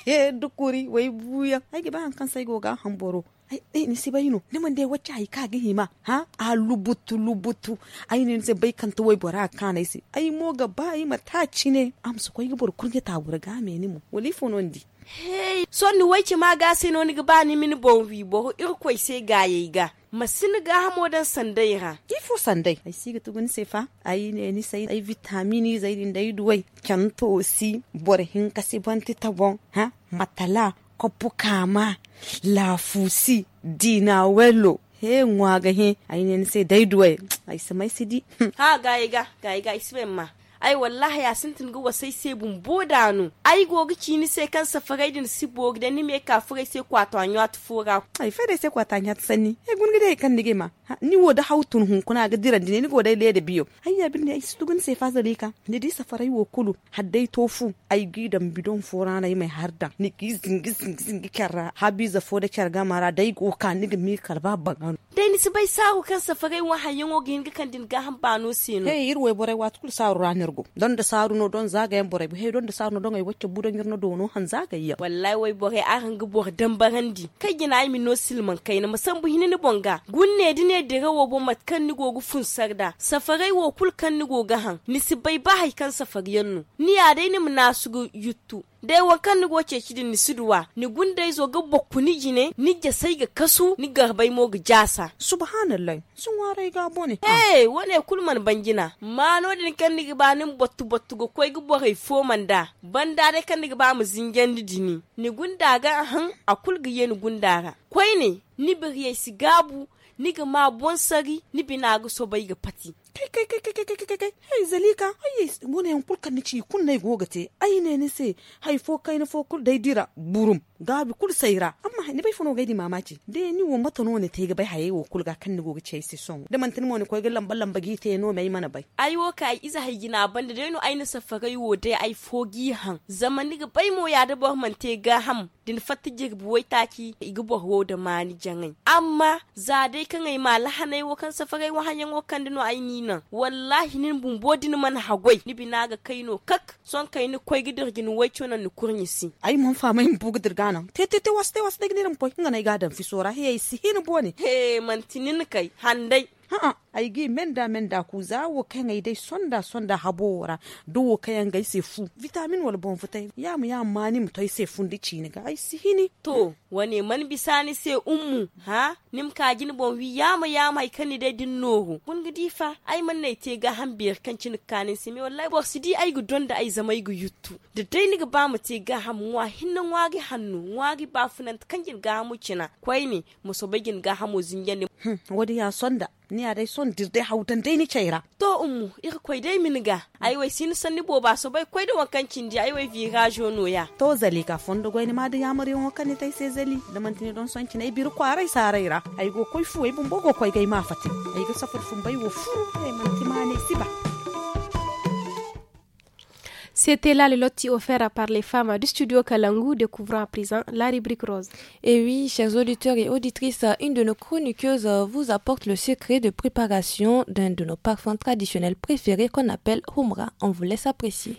dukuri wai buya ai ba han kan sai goga han boro ai ni si bayino ni man dai wacce ai ka gihi ma ha a lubutu lubutu ai ni se bai kan wai bora kana isi ai mo ga bai ci ne am su koi gbor kurge ta bura ga me ni mu wali fonon di hey so ni wai ma ga sai no ni ga ba ni min bon wi bo ir koi sai ga yayi ga masini ga hamo dan sandai ha ifo sandai ai siga tugun fa ai ne ni sai ai vitamini zai din dai duwai to si bor hin kasi banti tabon ha matala kopukama La dina welo he ngwaga he ainen se daidwe ai sidi ha gaiga gaiga isbe ma ai wallahi ya sun ga wasai sai bumbo nu ai gogi kini sai kan safarai din si bog da ni me ka furai sai kwatanya ta fura ai fere sai kwato kwatanya ta sani ai gun gida kan dige ma ni wo da hautun hun kuna ga diran dine ni go dai da biyo ai ya bin da ai su gun sai fa zalika ni di safarai wo kulu haddai tofu ai gidan bidon fura na mai harda ni gizin gizin gizin kara za fo da kyar gamara dai go ka ni mi karba bagan dai ni su bai ku kan safarai wa hayin wo gin kan din ga han banu sino hey irwe bore wa tukul sa ranar borgo don da saru no don zagayen bore he don da saru no don ay wacce budon yirno dono han zagayya wallahi wai bore a han bor dan barandi kai gina ai no silman kai na masan bu hinini bonga gunne dine de rawo bo matkan ni gogu fun sarda safarai wo kulkan ni goga han ni sibai ba kan safariyan nu ni ya dai ni mna sugu yuttu dai wankan ni goce shi ni ni gunda izo ga bokku ni jine ni ja sai ga kasu ni ga bai mo ga jasa subhanallah sun ware ga bone eh wane kulman bangina mano din kan ni ba nin bottu bottu go koy ga bo hay fo manda banda dai kan ni ba mu zingen dini ni gunda ga han akul ga yen ga koy ne ni bi gabu ni ga ma bon sari ni bi na ga so bai ga pati kai kai kai kai kai kai kai kai hai zalika hai gona yan kulkan ni ci kunna go gate ai ne ne se hai fo kai ne fo kul dai dira burum gabi kul saira. amma ni bai funo gaidi mamaci de ni wo mata no ne tege bai haye wo ga kan ni goga chei sai son de mantin mo ne koy galan ballan bagi te no mai mana bai ai wo kai iza na balle de no aina gai wo de ai fogi han zaman ni bai mo ya da bo man ga ham din fatti bu wai taki igi ho da mani jangai amma za dai kan ai ma lahanai wo kan gai wo hanyan wo kan dino ai ni nan wallahi nin bumbo din man hagwai ni binaga kaino kak son kai ni koy gidir gin wai chonan ni kurnyisi ai mun fa mai bugu dirga tete te waste waste degnerin ngana boni kai handai aigi menda menda kuza wo kan sonda sonda habora do wo kan ise fu vitamin wal bon futai ya mu ya mani mu toy se fundi sihini to wani man bisani se ummu ha nim ka bon wi ya mu ya mai din nohu kun difa ai man ne te ga hambiyar kan cin kanin simi wallahi bo sidi ai gu donda ai yuttu de dai ba mu te ga wa wagi hannu wagi ba funan kan ga mu china kwai ne ga hm, ya sonda ni a dai son ton dirde hautan dai ni chaira to ummu ir koi dai miniga ai wai sin sanni boba so bai koi da wankan cindi ai wai vira jono ya to zali ka fondo goi ni ma da yamare wankan ni tai sai zali da mantini don son kinai bir kwarai saraira ai go koi fu ai bumbo go koi gai ma fatin ai ga safar fun bai wo fu ai mantimane siba C'était là le loti offert par les femmes du studio Kalangu, découvrant à présent la rubrique rose. Et oui, chers auditeurs et auditrices, une de nos chroniqueuses vous apporte le secret de préparation d'un de nos parfums traditionnels préférés qu'on appelle Humra. On vous laisse apprécier.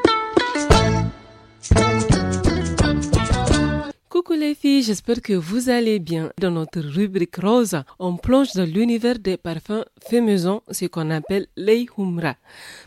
Coucou les filles, j'espère que vous allez bien. Dans notre rubrique rose, on plonge dans l'univers des parfums faits maison, ce qu'on appelle les humra.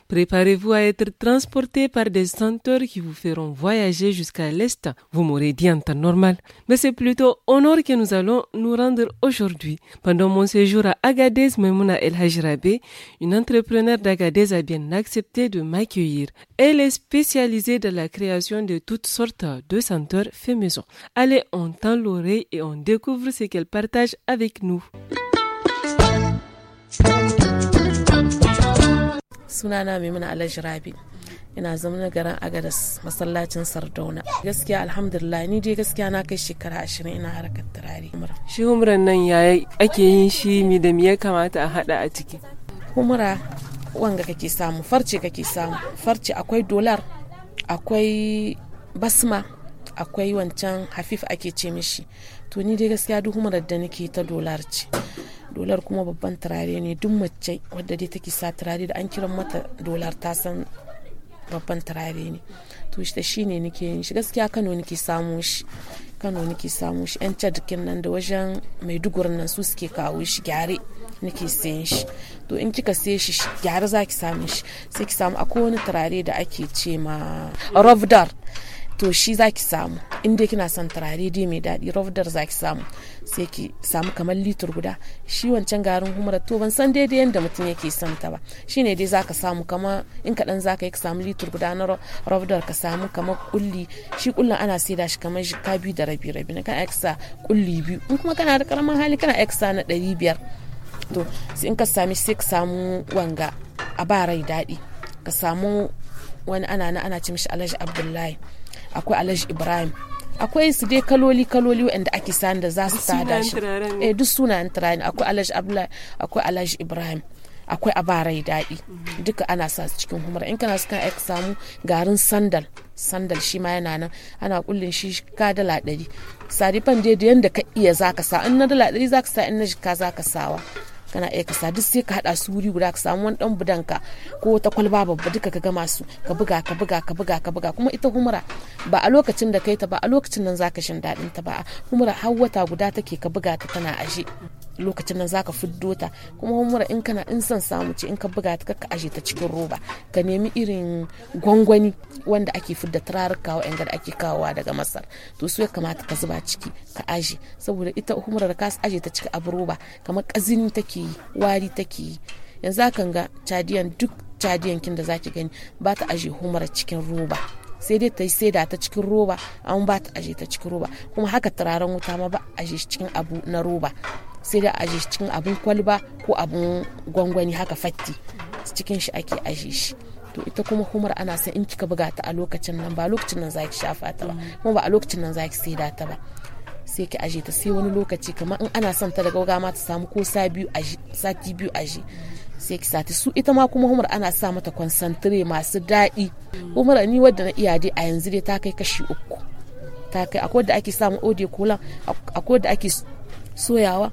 Préparez-vous à être transporté par des senteurs qui vous feront voyager jusqu'à l'Est. Vous m'aurez dit en temps normal. Mais c'est plutôt honneur que nous allons nous rendre aujourd'hui. Pendant mon séjour à Agadez, Memouna El Hajrabe, une entrepreneur d'Agadez a bien accepté de m'accueillir. Elle est spécialisée dans la création de toutes sortes de senteurs fait maison. Allez, on tend l'oreille et on découvre ce qu'elle partage avec nous. sunana maimuna alhaji rabi ina zama na garin agadas masallacin sardauna gaskiya alhamdulillah ni dai gaskiya na kai shekara ashirin ina harkar turare shi humran nan yayi ake yin shi mi da mi ya kamata a hada a ciki humra wanga kake samu farce kake samu farce akwai dolar akwai basma akwai wancan hafif ake ce mishi to ni dai gaskiya duk kuma da nake ta dolar ce dolar kuma babban turare ne duk mace wadda dai take sa turare da an kiran mata dolar ta san babban turare ne to shi shi ne nake yin shi gaskiya kano nake samu shi kano nake samu shi yan cadikin nan da wajen maiduguri nan su suke kawo shi gyare nake siyan shi to in kika siye shi gyara za ki same shi sai ki samu akwai wani turare da ake ce ma rovdar to shi za ki samu in dai kina son turare dai mai daɗi rovdar za ki samu sai ki samu kamar litur guda shi wancan garin humra to ban san daidai yadda mutum yake son ta ba shine dai za ka samu kama in kaɗan za ka yi ka samu litur guda na rovdar ka samu kama kulli shi kullin ana da shi kamar ka biyu da rabi rabi na kana eksa kulli biyu in kuma kana da karamin hali kana eksa na ɗari biyar to sai in ka sami sai ka samu wanga a ba rai daɗi ka samu wani ana na ana ce mishi alhaji abdullahi akwai alhaji ibrahim akwai su dai kaloli kaloli wanda ake sani da za su tada shi eh duk sunayen turani akwai alhaji abdullahi akwai alhaji ibrahim akwai a rai daɗi duka ana sa su cikin humra in kana kan aika samu garin sandal sandal shi ma yana nan ana kullin shi ka dala ɗari sadifan dai da yanda ka iya zaka sa in na dala ɗari zaka sa in na jika zaka sawa kana iya kasa duk sai ka hada su wuri guda ka samu wani dan budanka ko wata kwalba babba duka ka gama su ka buga ka buga ka buga ka buga kuma ita humura ba a lokacin da kai ta ba a lokacin nan zaka shin dadin ta ba humura har wata guda take ka buga ta tana aje lokacin nan zaka fiddo ta kuma humura in kana in son samu ce in ka buga ta ka aje ta cikin roba ka nemi irin gwangwani wanda ake fidda turaruka wa'yan da ake kawowa daga masar to su ya kamata ka zuba ciki ka aje saboda ita da ka aje ta cikin abu roba kamar kazini take yi wari take yi yanzu akan ga cadiyan duk cadiyan kin da zaki gani ba ta aje humura cikin roba sai dai ta yi sai da ta cikin roba an ba ta aje ta cikin roba kuma haka turaren wuta ma ba aje cikin abu na roba sai da aje shi cikin abin kwalba ko abin gwangwani haka fatti cikin shi ake aje shi to ita kuma humar ana san in kika buga ta a lokacin nan ba lokacin nan zaki shafa ta ba mm. kuma ba a lokacin nan zaki da ta ba sai ki aje ta sai wani lokaci kamar in ana son ta da gauga ma ta samu ko sati biyu aje sai ki sati su ita ma kuma humar ana sa mata konsantire masu daɗi humar mm. ni wadda na iya dai a yanzu dai ta kai kashi uku ta kai akwai da ake samun ode kolan akwai da ake Voilà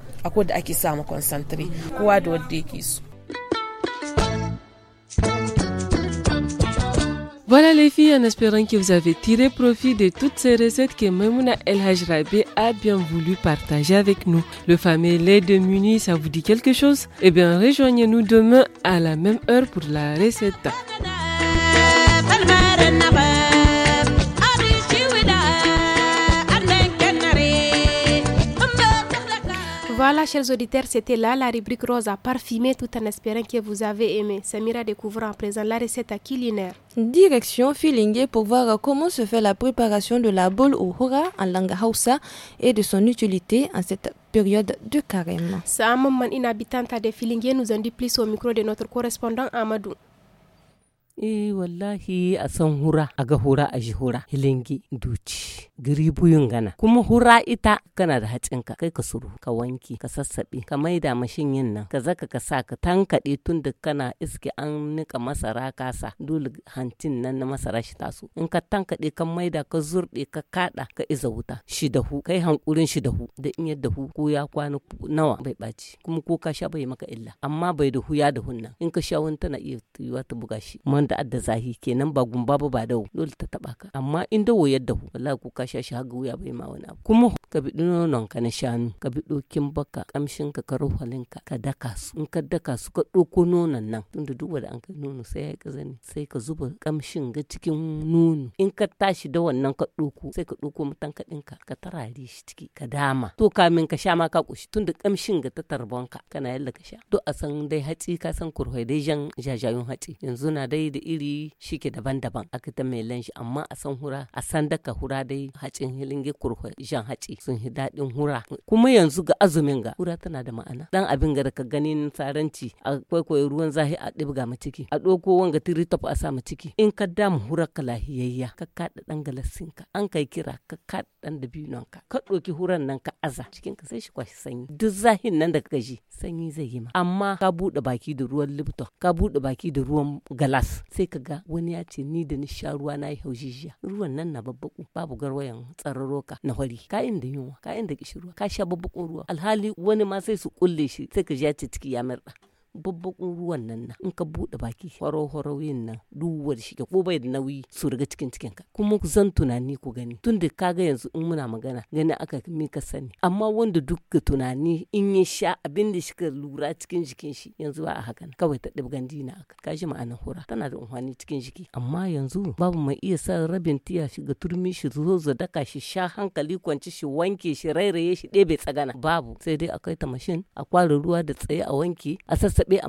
les filles, en espérant que vous avez tiré profit de toutes ces recettes que Maimouna El Hajrabe a bien voulu partager avec nous. Le fameux lait de Muni, ça vous dit quelque chose Eh bien, rejoignez-nous demain à la même heure pour la recette. Voilà, chers auditeurs, c'était là la rubrique rose à parfumer tout en espérant que vous avez aimé. Samira découvre en présent la recette à culinaire. Direction Filingue pour voir comment se fait la préparation de la boule au hora en langue Hausa et de son utilité en cette période de carême. Saman une habitante de Filingue, nous en dit plus au micro de notre correspondant Amadou. e wallahi a san hura a ga hura a ji hura hilingi duci buyun gana kuma hura ita kana da hatsinka kai ka suru ka wanki ka sassabe ka maida mashin yin nan ka zaka ka sa ka tankade tun da kana iske an nika masara kasa dole hantin nan na masara shi taso in ka tankade ka maida ka zurde ka kada ka iza wuta shi hu kai hankurin shi hu da in yadda hu ko ya kwana nawa bai baci kuma ko ka sha bai maka illa amma bai da hu ya da nan in ka sha wani tana iya tuyuwa ta buga shi wanda adda zahi kenan ba gumba ba ba dau dole ta taba ka amma in dawo ya ku wallahi ko ka sha shi wuya bai ma wani abu kuma ka bi nonon ka na shanu ka bi dokin baka kamshin ka ka ruhalin ka ka daka su in ka daka su ka doko nonon nan tunda duk wanda an kai nono sai ya kazani sai ka zuba kamshin ga cikin nono in ka tashi da wannan ka doko sai ka doko mutan ka dinka ka tarare shi ciki ka dama to kamin ka sha ma ka kushi tunda kamshin ga ta tarbonka kana yalla ka sha to a san dai hatsi ka san kurhoi dai jan jajayun hatsi yanzu na dai da iri shike ke daban-daban aka ta mai lanshi amma a san hura a san daka hura dai hacin hilinge kurhu jan haci sun hi daɗin hura kuma yanzu ga azumin ga hura tana da ma'ana dan abin ga ka gani ganin saranci a kwaikwayo ruwan zahi a ɗibga ma ciki a ɗauko wanga tiri a sa mu ciki in ka damu hura ka lahiyayya ka kaɗa ɗan ka. an kai kira ka kaɗa ɗan dabinonka ka ɗauki huran nan ka aza cikin ka sai shi kwashi sanyi duk zahin nan da ka gaji sanyi zai yi ma amma ka buɗe baki da ruwan lipton ka buɗe baki da ruwan galas sai ka ga wani ya ce ni da ni sha ruwa na yi haujijiya ruwan nan na babbaku babu garwayan ka na hori ka da yunwa ka da kishirwa ka sha babbakon ruwa alhali wani ma sai su kulle shi sai ka ji ya ce ciki ya murɗa babbakun ruwan nan na in ka buɗe baki horo horo yin nan duwar shi ko bai da nauyi su riga cikin cikin ka kuma ku zan tunani ku gani tunda kaga yanzu in muna magana gani aka me ka sani amma wanda duk tunani in ya sha abin da shi ka lura cikin jikin shi yanzu ba a hakan kawai ta gandi na aka kashi ma'anar hura tana da umfani cikin jiki amma yanzu babu mai iya sa rabin tiya shi ga turmi shi zo zo daka shi sha hankali kwanci shi wanke shi rairaye shi ɗebe tsagana babu sai dai akai ta mashin a kwara ruwa da tsaye a wanke a sassa Et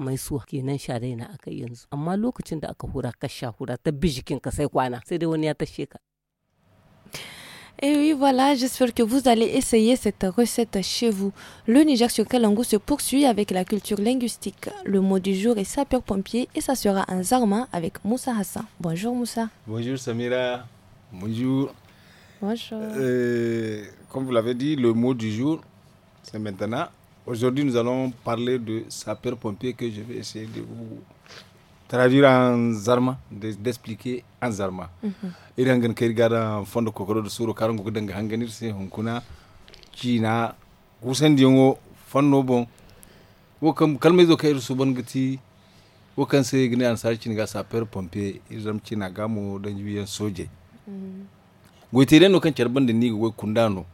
eh oui, voilà, j'espère que vous allez essayer cette recette chez vous. Le Niger sur Kalangu se poursuit avec la culture linguistique. Le mot du jour est sapeur-pompier et ça sera un zarma avec Moussa Hassan. Bonjour Moussa. Bonjour Samira. Bonjour. Bonjour. Euh, comme vous l'avez dit, le mot du jour, c'est maintenant Aujourd'hui, nous allons parler de sapeur-pompier que je vais essayer de vous traduire en zarma, d'expliquer en zarma. Mhm. Idan gan fondo kokoro da suru karon de danga hanganir sai hunkuna china n'a dingo un bon wo kam un zo mhm. de su de a de sarci ga sapeur pompier kundano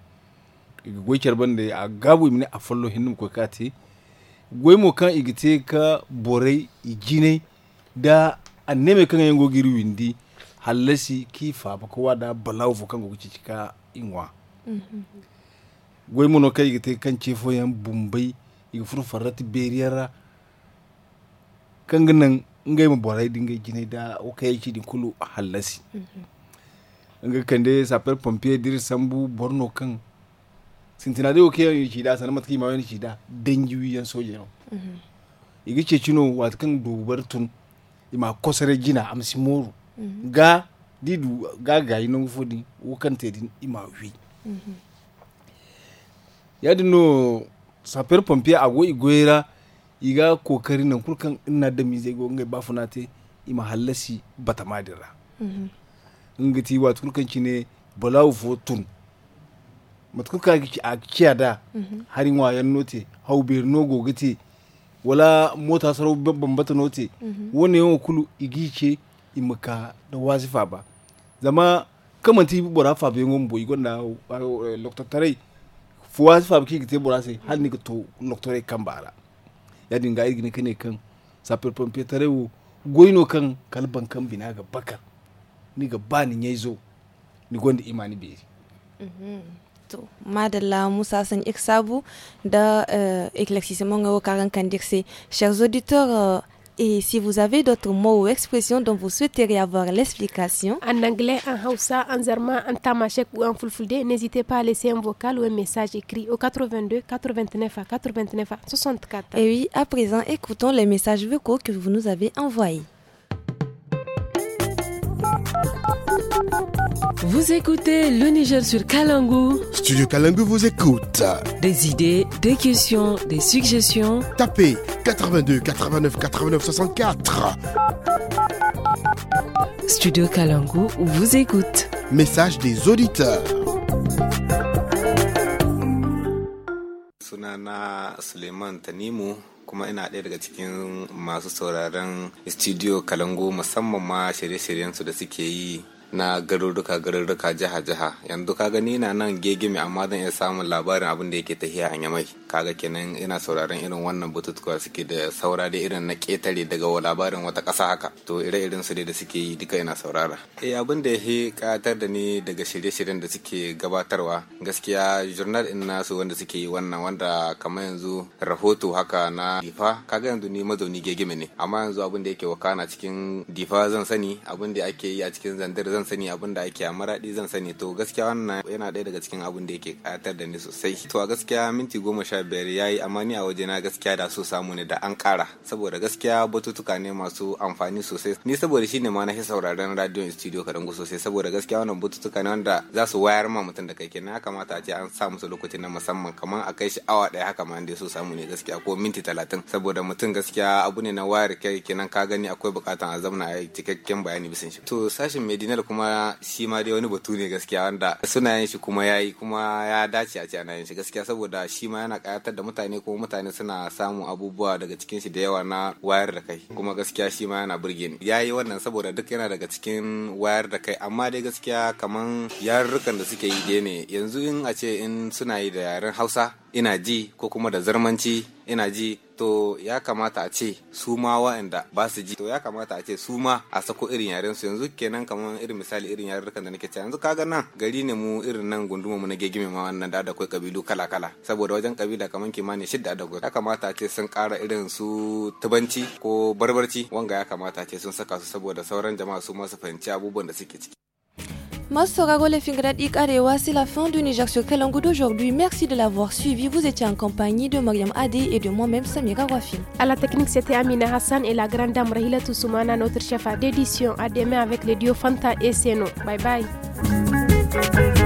iga goy da a gabu mini a fallo hinnum ko kati goy mo kan igite ka bore igine da anneme kan yango giri windi hallasi ki ba ko wada balawu fo kan go cici ka inwa mm -hmm. goy mo no igite kan cefo yan bumbay iga furu farati beriyara kan ganan ngai ma borai dinga igine da o kai ci din kulu hallasi mhm. nga kande sapel pompier dir sambu borno kan sintinade o kiyan yi da sanan matki ma yi da dangi wiyan soje no mhm. igi ce cino wat kan dubar tun ima kosare gina amsi moru mhm. ga didu ga gayi nan fodi o kan tedin ima wi mhm. ya dino sapir pompier go igoyera iga kokari nan kulkan ina da mi zai go ngai bafuna te ima halasi batamadira ngati wat kulkan ne balawu fo tun matkuka a da harin wayan note hau bir no gogite wala mota sarau babban bata note wani yawan kulu igi ce imaka da wazifa ba zama kamar ti bora fa be ngom boy na doctor tare fu wazifa ki te bora sai hal ni to doctor kan bara ya dinga igini kane kan sapir pompier tare wo goyno kan kalban kan bina ga bakar ni ga ba ni yayi zo ni gonda imani be iksabu au euh, chers auditeurs euh, Et si vous avez d'autres mots ou expressions dont vous souhaiteriez avoir l'explication, en anglais, en en en ou en fulfulde, n'hésitez pas à laisser un vocal ou un message écrit au 82 89 89 64. Et oui, à présent, écoutons les messages vocaux que vous nous avez envoyés. Vous écoutez le Niger sur Kalangou. Studio Kalangu vous écoute. Des idées, des questions, des suggestions. Tapez 82 89 89 64. Studio Kalangou vous écoute. Message des auditeurs. sunana suleiman kuma ina studio kalango musamman ma da suke na garuruka garuruka jiha jiha yanzu kaga ni na nan gegime amma zan iya samun labarin abin da yake tahiya a yamai kaga kenan ina sauraron irin wannan bututuwa suke da saura da irin na ketare daga labarin wata ƙasa haka to ire irin su da suke yi duka ina saurara eh abin da yake katar da ni daga shirye-shiryen da suke gabatarwa gaskiya journal din nasu wanda suke yi wannan wanda kamar yanzu rahoto haka na difa kaga yanzu ni mazauni gegime ne amma yanzu abin da yake wakana cikin difa zan sani abin da ake yi a cikin zandar zan sani abin da ake a maraɗi zan sani to gaskiya wannan yana ɗaya daga cikin abin da yake ƙayatar da ni sosai to a gaskiya minti goma sha biyar ya yi amma ni a wajena gaskiya da so samu ne da an ƙara saboda gaskiya batutuka ne masu amfani sosai ni saboda shi ne ma na fi sauraron radio studio karangu sosai saboda gaskiya wannan batutuka ne wanda za su wayar ma mutum da kai kenan ya kamata a ce an sa musu lokaci na musamman kamar a kai shi awa ɗaya haka ma da so samu ne gaskiya ko minti talatin saboda mutum gaskiya abu ne na wayar kai kenan ka gani akwai bukatan a zamana a cikakken bayani bisa shi to sashin medinal kuma shi ma dai wani batu ne gaskiya wanda suna yin shi kuma ya yi kuma ya dace a ce ana yin shi gaskiya saboda shi ma yana kayatar da mutane kuma mutane suna samun abubuwa daga cikin shi da yawa na wayar da kai kuma gaskiya shi ma yana burge ni ya yi wannan saboda duk yana daga cikin wayar da kai amma dai gaskiya kaman yarurrukan da suke yi ne yanzu in a ce in suna yi da yaren hausa ina ji ko kuma da zarmanci ina ji to ya kamata a ce su ma wa'anda ba su ji to ya kamata a ce su ma a sako irin yaren su yanzu kenan kamar irin misali irin yarurrukan da nake cewa yanzu kaga nan gari ne mu irin nan gunduma mu na gegime ma wannan da akwai kabilu kala kala saboda wajen kabila kamar kimanin shidda da ya kamata a ce sun kara irin su tubanci ko barbarci wanga ya kamata a ce sun saka su saboda sauran jama'a su ma su fahimci abubuwan da suke ciki le et Fingrad Ikarewa, c'est la fin du Niger sur d'aujourd'hui. Merci de l'avoir suivi. Vous étiez en compagnie de Mariam Adé et de moi-même Samira Wafi. À la technique, c'était Amina Hassan et la grande dame Rahila Toussoumana, notre chef d'édition. À demain avec les duo Fanta et Seno. Bye bye.